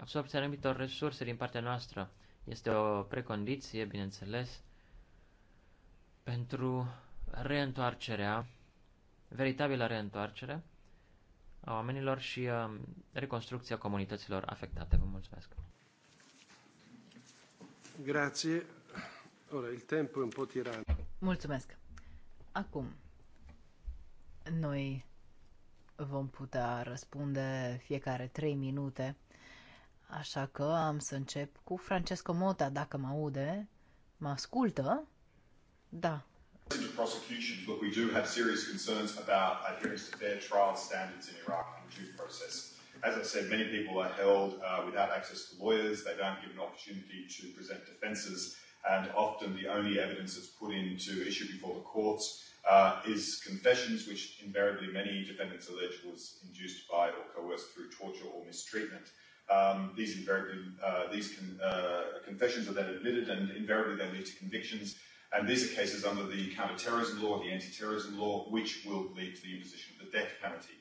absorpția anumitor resurse din partea noastră. Este o precondiție, bineînțeles, pentru reîntoarcerea, veritabilă reîntoarcere a oamenilor și uh, reconstrucția comunităților afectate. Vă mulțumesc! Grazie. Ora, il tempo è un po' tirano. Mulțumesc. Acum, noi vom putea răspunde fiecare 3 minute, așa că am să încep cu Francesco Mota, dacă mă aude, mă ascultă, da. To we do have serious concerns about adherence to fair trial standards in Iraq and due process. As I said, many people are held uh, without access to lawyers. They don't give an opportunity to present defences, and often the only evidence that's put in to issue before the courts uh, is confessions, which invariably many defendants allege was induced by or coerced through torture or mistreatment. Um, these invariably, uh, these con- uh, confessions are then admitted and invariably they lead to convictions. And these are cases under the counterterrorism law, the anti-terrorism law, which will lead to the imposition of the death penalty.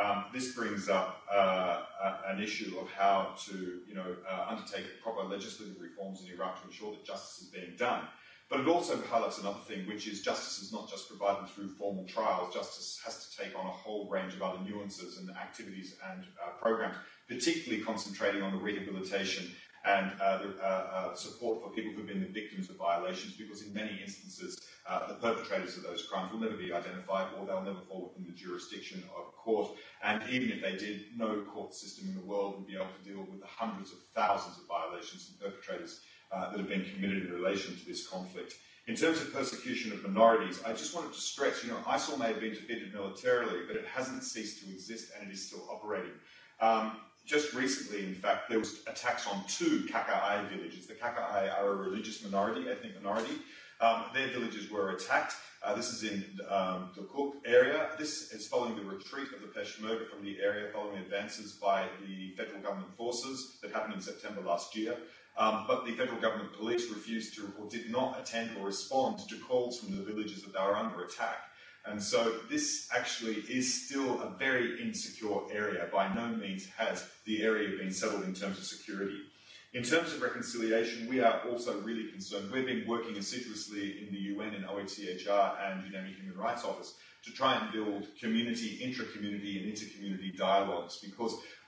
Um, this brings up uh, a, an issue of how to, you know, uh, undertake proper legislative reforms in Iraq to ensure that justice is being done. Uh, But it also highlights another thing, which is justice is not just provided through formal trials. Justice has to take on a whole range of other nuances and activities and uh, programs, particularly concentrating on the rehabilitation and uh, the uh, uh, support for people who've been the victims of violations, because in many instances, uh, the perpetrators of those crimes will never be identified or they'll never fall within the jurisdiction of court. And even if they did, no court system in the world would be able to deal with the hundreds of thousands of violations and perpetrators uh, that have been committed in relation to this conflict. In terms of persecution of minorities, I just wanted to stress, you know, ISIL may have been defeated militarily, but it hasn't ceased to exist and it is still operating. Um, just recently, in fact, there was attacks on two Kaka'ai villages. The Kaka'ai are a religious minority, ethnic minority. Um, their villages were attacked. Uh, this is in um, the Cook area. This is following the retreat of the Peshmerga from the area, following advances by the federal government forces that happened in September last year. Um, but the federal government police refused to, or did not attend or respond to calls from the villages that they were under attack. And so this actually is still a very insecure area. By no means has the area been settled in terms of security. In terms of reconciliation, we are also really concerned. We've been working assiduously in the UN and OHCHR and UNAMI Human Rights Office to try and build community, intra-community and inter-community dialogues because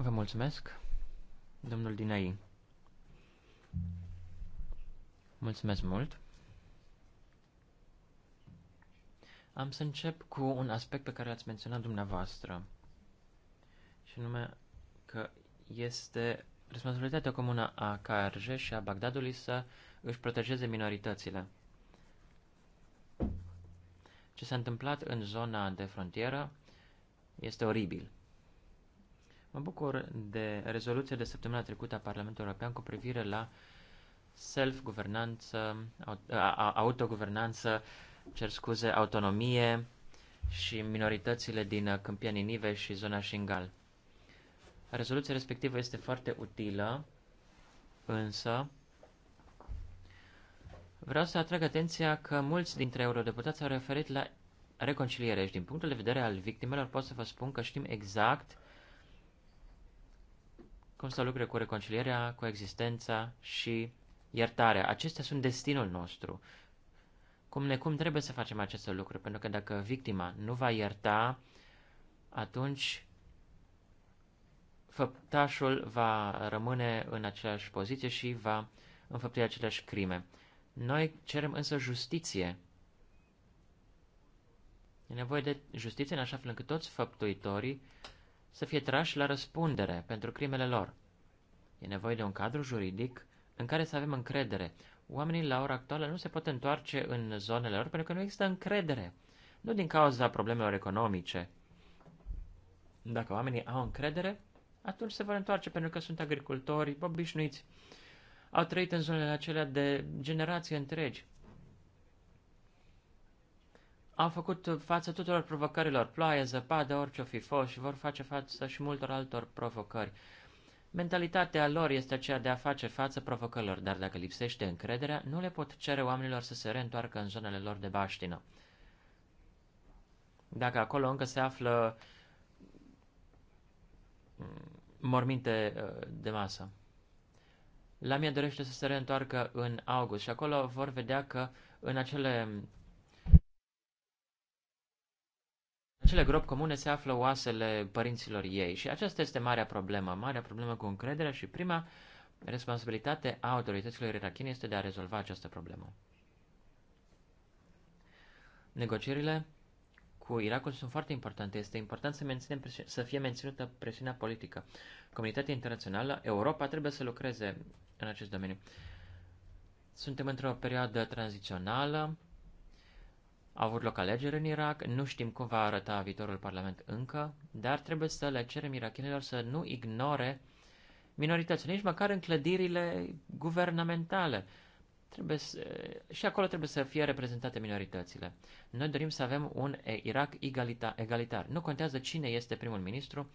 Vă mulțumesc, domnul Dinai. Mulțumesc mult. Am să încep cu un aspect pe care l-ați menționat dumneavoastră, și nume că este responsabilitatea comună a KRJ și a Bagdadului să își protejeze minoritățile. Ce s-a întâmplat în zona de frontieră este oribil. Mă bucur de rezoluția de săptămâna trecută a Parlamentului European cu privire la self-guvernanță, autoguvernanță, cer scuze, autonomie și minoritățile din Câmpia Ninive și zona Shingal. Rezoluția respectivă este foarte utilă, însă vreau să atrag atenția că mulți dintre eurodeputați au referit la reconciliere și din punctul de vedere al victimelor pot să vă spun că știm exact cum să lucre cu reconcilierea, cu existența și iertarea? Acestea sunt destinul nostru. Cum ne cum trebuie să facem aceste lucruri, pentru că dacă victima nu va ierta, atunci făptașul va rămâne în aceeași poziție și va înfăptui aceleași crime. Noi cerem însă justiție. E nevoie de justiție în așa fel încât toți făptuitorii să fie trași la răspundere pentru crimele lor. E nevoie de un cadru juridic în care să avem încredere. Oamenii la ora actuală nu se pot întoarce în zonele lor pentru că nu există încredere. Nu din cauza problemelor economice. Dacă oamenii au încredere, atunci se vor întoarce pentru că sunt agricultori obișnuiți. Au trăit în zonele acelea de generații întregi au făcut față tuturor provocărilor, ploaie, zăpadă, orice o fi fost și vor face față și multor altor provocări. Mentalitatea lor este aceea de a face față provocărilor, dar dacă lipsește încrederea, nu le pot cere oamenilor să se reîntoarcă în zonele lor de baștină. Dacă acolo încă se află mm, morminte uh, de masă. mie dorește să se reîntoarcă în august și acolo vor vedea că în acele acele gropi comune se află oasele părinților ei și aceasta este marea problemă, marea problemă cu încrederea și prima responsabilitate a autorităților irakiene este de a rezolva această problemă. Negocierile cu Irakul sunt foarte importante. Este important să, menținem să fie menținută presiunea politică. Comunitatea internațională, Europa, trebuie să lucreze în acest domeniu. Suntem într-o perioadă tranzițională a avut loc alegeri în Irak, nu știm cum va arăta viitorul Parlament încă, dar trebuie să le cerem irakienilor să nu ignore minoritățile, nici măcar în clădirile guvernamentale. Trebuie să, și acolo trebuie să fie reprezentate minoritățile. Noi dorim să avem un Irak egalita, egalitar. Nu contează cine este primul ministru,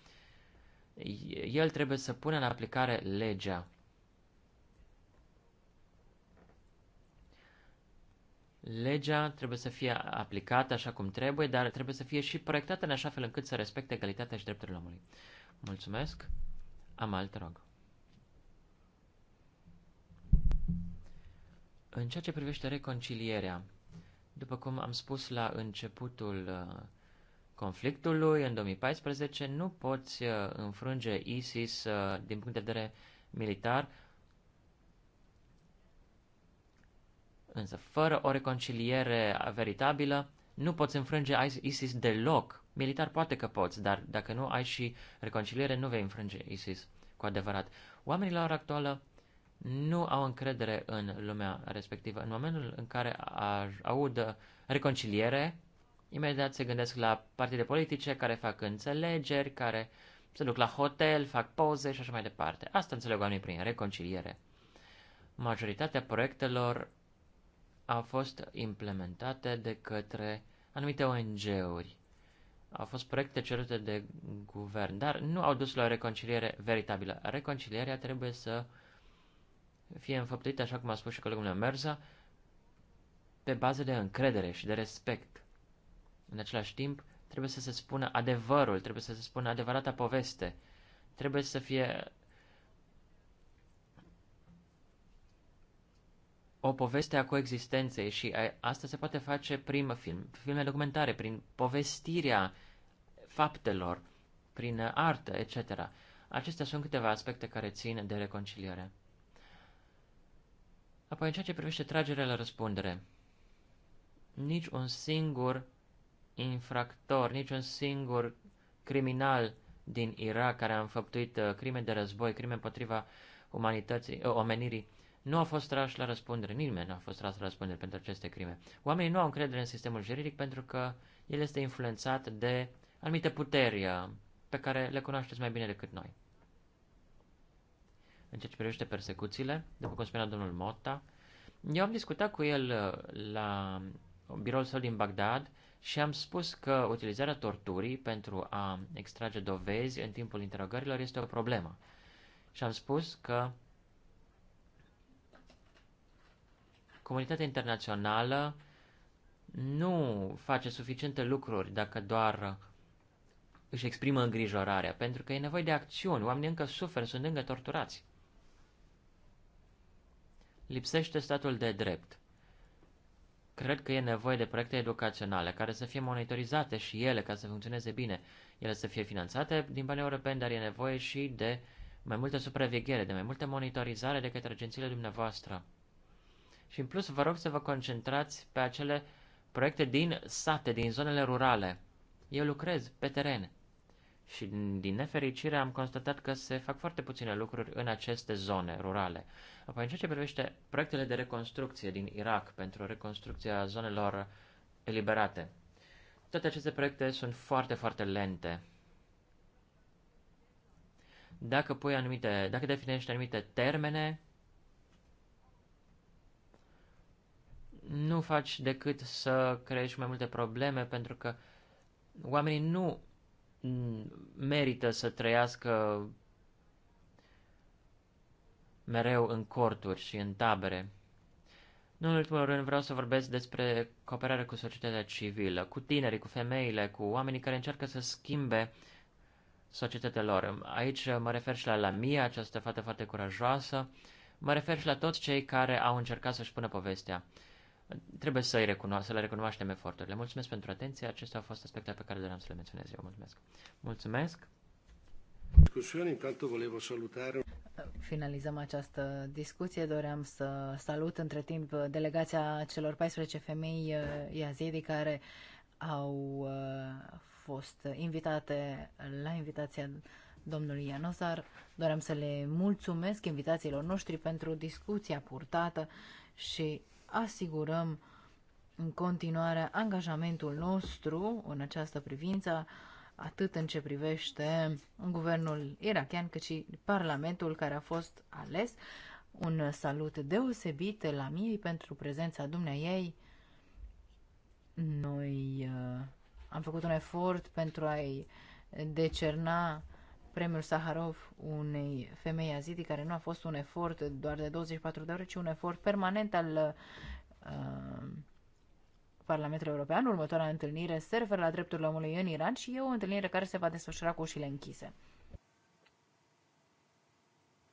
el trebuie să pună în aplicare legea. Legea trebuie să fie aplicată așa cum trebuie, dar trebuie să fie și proiectată în așa fel încât să respecte egalitatea și drepturile omului. Mulțumesc. Am alt rog. În ceea ce privește reconcilierea, după cum am spus la începutul uh, conflictului, în 2014, nu poți uh, înfrânge ISIS uh, din punct de vedere militar Însă, fără o reconciliere veritabilă, nu poți înfrânge ISIS deloc. Militar poate că poți, dar dacă nu ai și reconciliere, nu vei înfrânge ISIS cu adevărat. Oamenii la ora actuală nu au încredere în lumea respectivă. În momentul în care aud reconciliere, imediat se gândesc la partide politice care fac înțelegeri, care se duc la hotel, fac poze și așa mai departe. Asta înțeleg oamenii prin reconciliere. Majoritatea proiectelor a fost implementate de către anumite ONG-uri. Au fost proiecte cerute de guvern, dar nu au dus la o reconciliere veritabilă. Reconcilierea trebuie să fie înfăptuită, așa cum a spus și colegul meu Merza, pe bază de încredere și de respect. În același timp, trebuie să se spună adevărul, trebuie să se spună adevărata poveste, trebuie să fie o poveste a coexistenței și asta se poate face prin film, filme documentare, prin povestirea faptelor, prin artă, etc. Acestea sunt câteva aspecte care țin de reconciliere. Apoi, în ceea ce privește tragerea la răspundere, nici un singur infractor, nici un singur criminal din Irak care a înfăptuit uh, crime de război, crime împotriva umanității, uh, omenirii, nu a fost trași la răspundere, nimeni nu a fost tras la răspundere pentru aceste crime. Oamenii nu au încredere în sistemul juridic pentru că el este influențat de anumite puteri uh, pe care le cunoașteți mai bine decât noi. În ceea ce privește persecuțiile, după cum spunea domnul Motta, eu am discutat cu el uh, la biroul său din Bagdad și am spus că utilizarea torturii pentru a extrage dovezi în timpul interogărilor este o problemă. Și am spus că comunitatea internațională nu face suficiente lucruri dacă doar își exprimă îngrijorarea, pentru că e nevoie de acțiuni, oamenii încă suferă, sunt încă torturați. Lipsește statul de drept. Cred că e nevoie de proiecte educaționale care să fie monitorizate și ele ca să funcționeze bine. Ele să fie finanțate din bani europeni, dar e nevoie și de mai multă supraveghere, de mai multă monitorizare de către agențiile dumneavoastră. Și în plus vă rog să vă concentrați pe acele proiecte din sate, din zonele rurale. Eu lucrez pe teren și din nefericire am constatat că se fac foarte puține lucruri în aceste zone rurale. Apoi, în ceea ce privește proiectele de reconstrucție din Irak pentru reconstrucția zonelor eliberate, toate aceste proiecte sunt foarte, foarte lente. Dacă pui anumite, dacă definești anumite termene, nu faci decât să crești mai multe probleme pentru că oamenii nu merită să trăiască mereu în corturi și în tabere. Nu în ultimul rând vreau să vorbesc despre cooperarea cu societatea civilă, cu tinerii, cu femeile, cu oamenii care încearcă să schimbe societatea lor. Aici mă refer și la Lamia, această fată foarte curajoasă, mă refer și la toți cei care au încercat să-și pună povestea trebuie să, recuno- să le recunoaștem eforturile. Mulțumesc pentru atenție, acestea au fost aspecte pe care doream să le menționez eu. Mulțumesc! Mulțumesc! Finalizăm această discuție. Doream să salut între timp delegația celor 14 femei uh, iazidi care au uh, fost invitate la invitația domnului Ianosar. Doream să le mulțumesc invitațiilor noștri pentru discuția purtată și asigurăm în continuare angajamentul nostru în această privință, atât în ce privește guvernul irachian, cât și parlamentul care a fost ales. Un salut deosebit la miei pentru prezența ei. Noi uh, am făcut un efort pentru a-i decerna premiul Saharov unei femei azidi, care nu a fost un efort doar de 24 de ore, ci un efort permanent al uh, Parlamentul European. Următoarea întâlnire se referă la drepturile omului în Iran și e o întâlnire care se va desfășura cu ușile închise.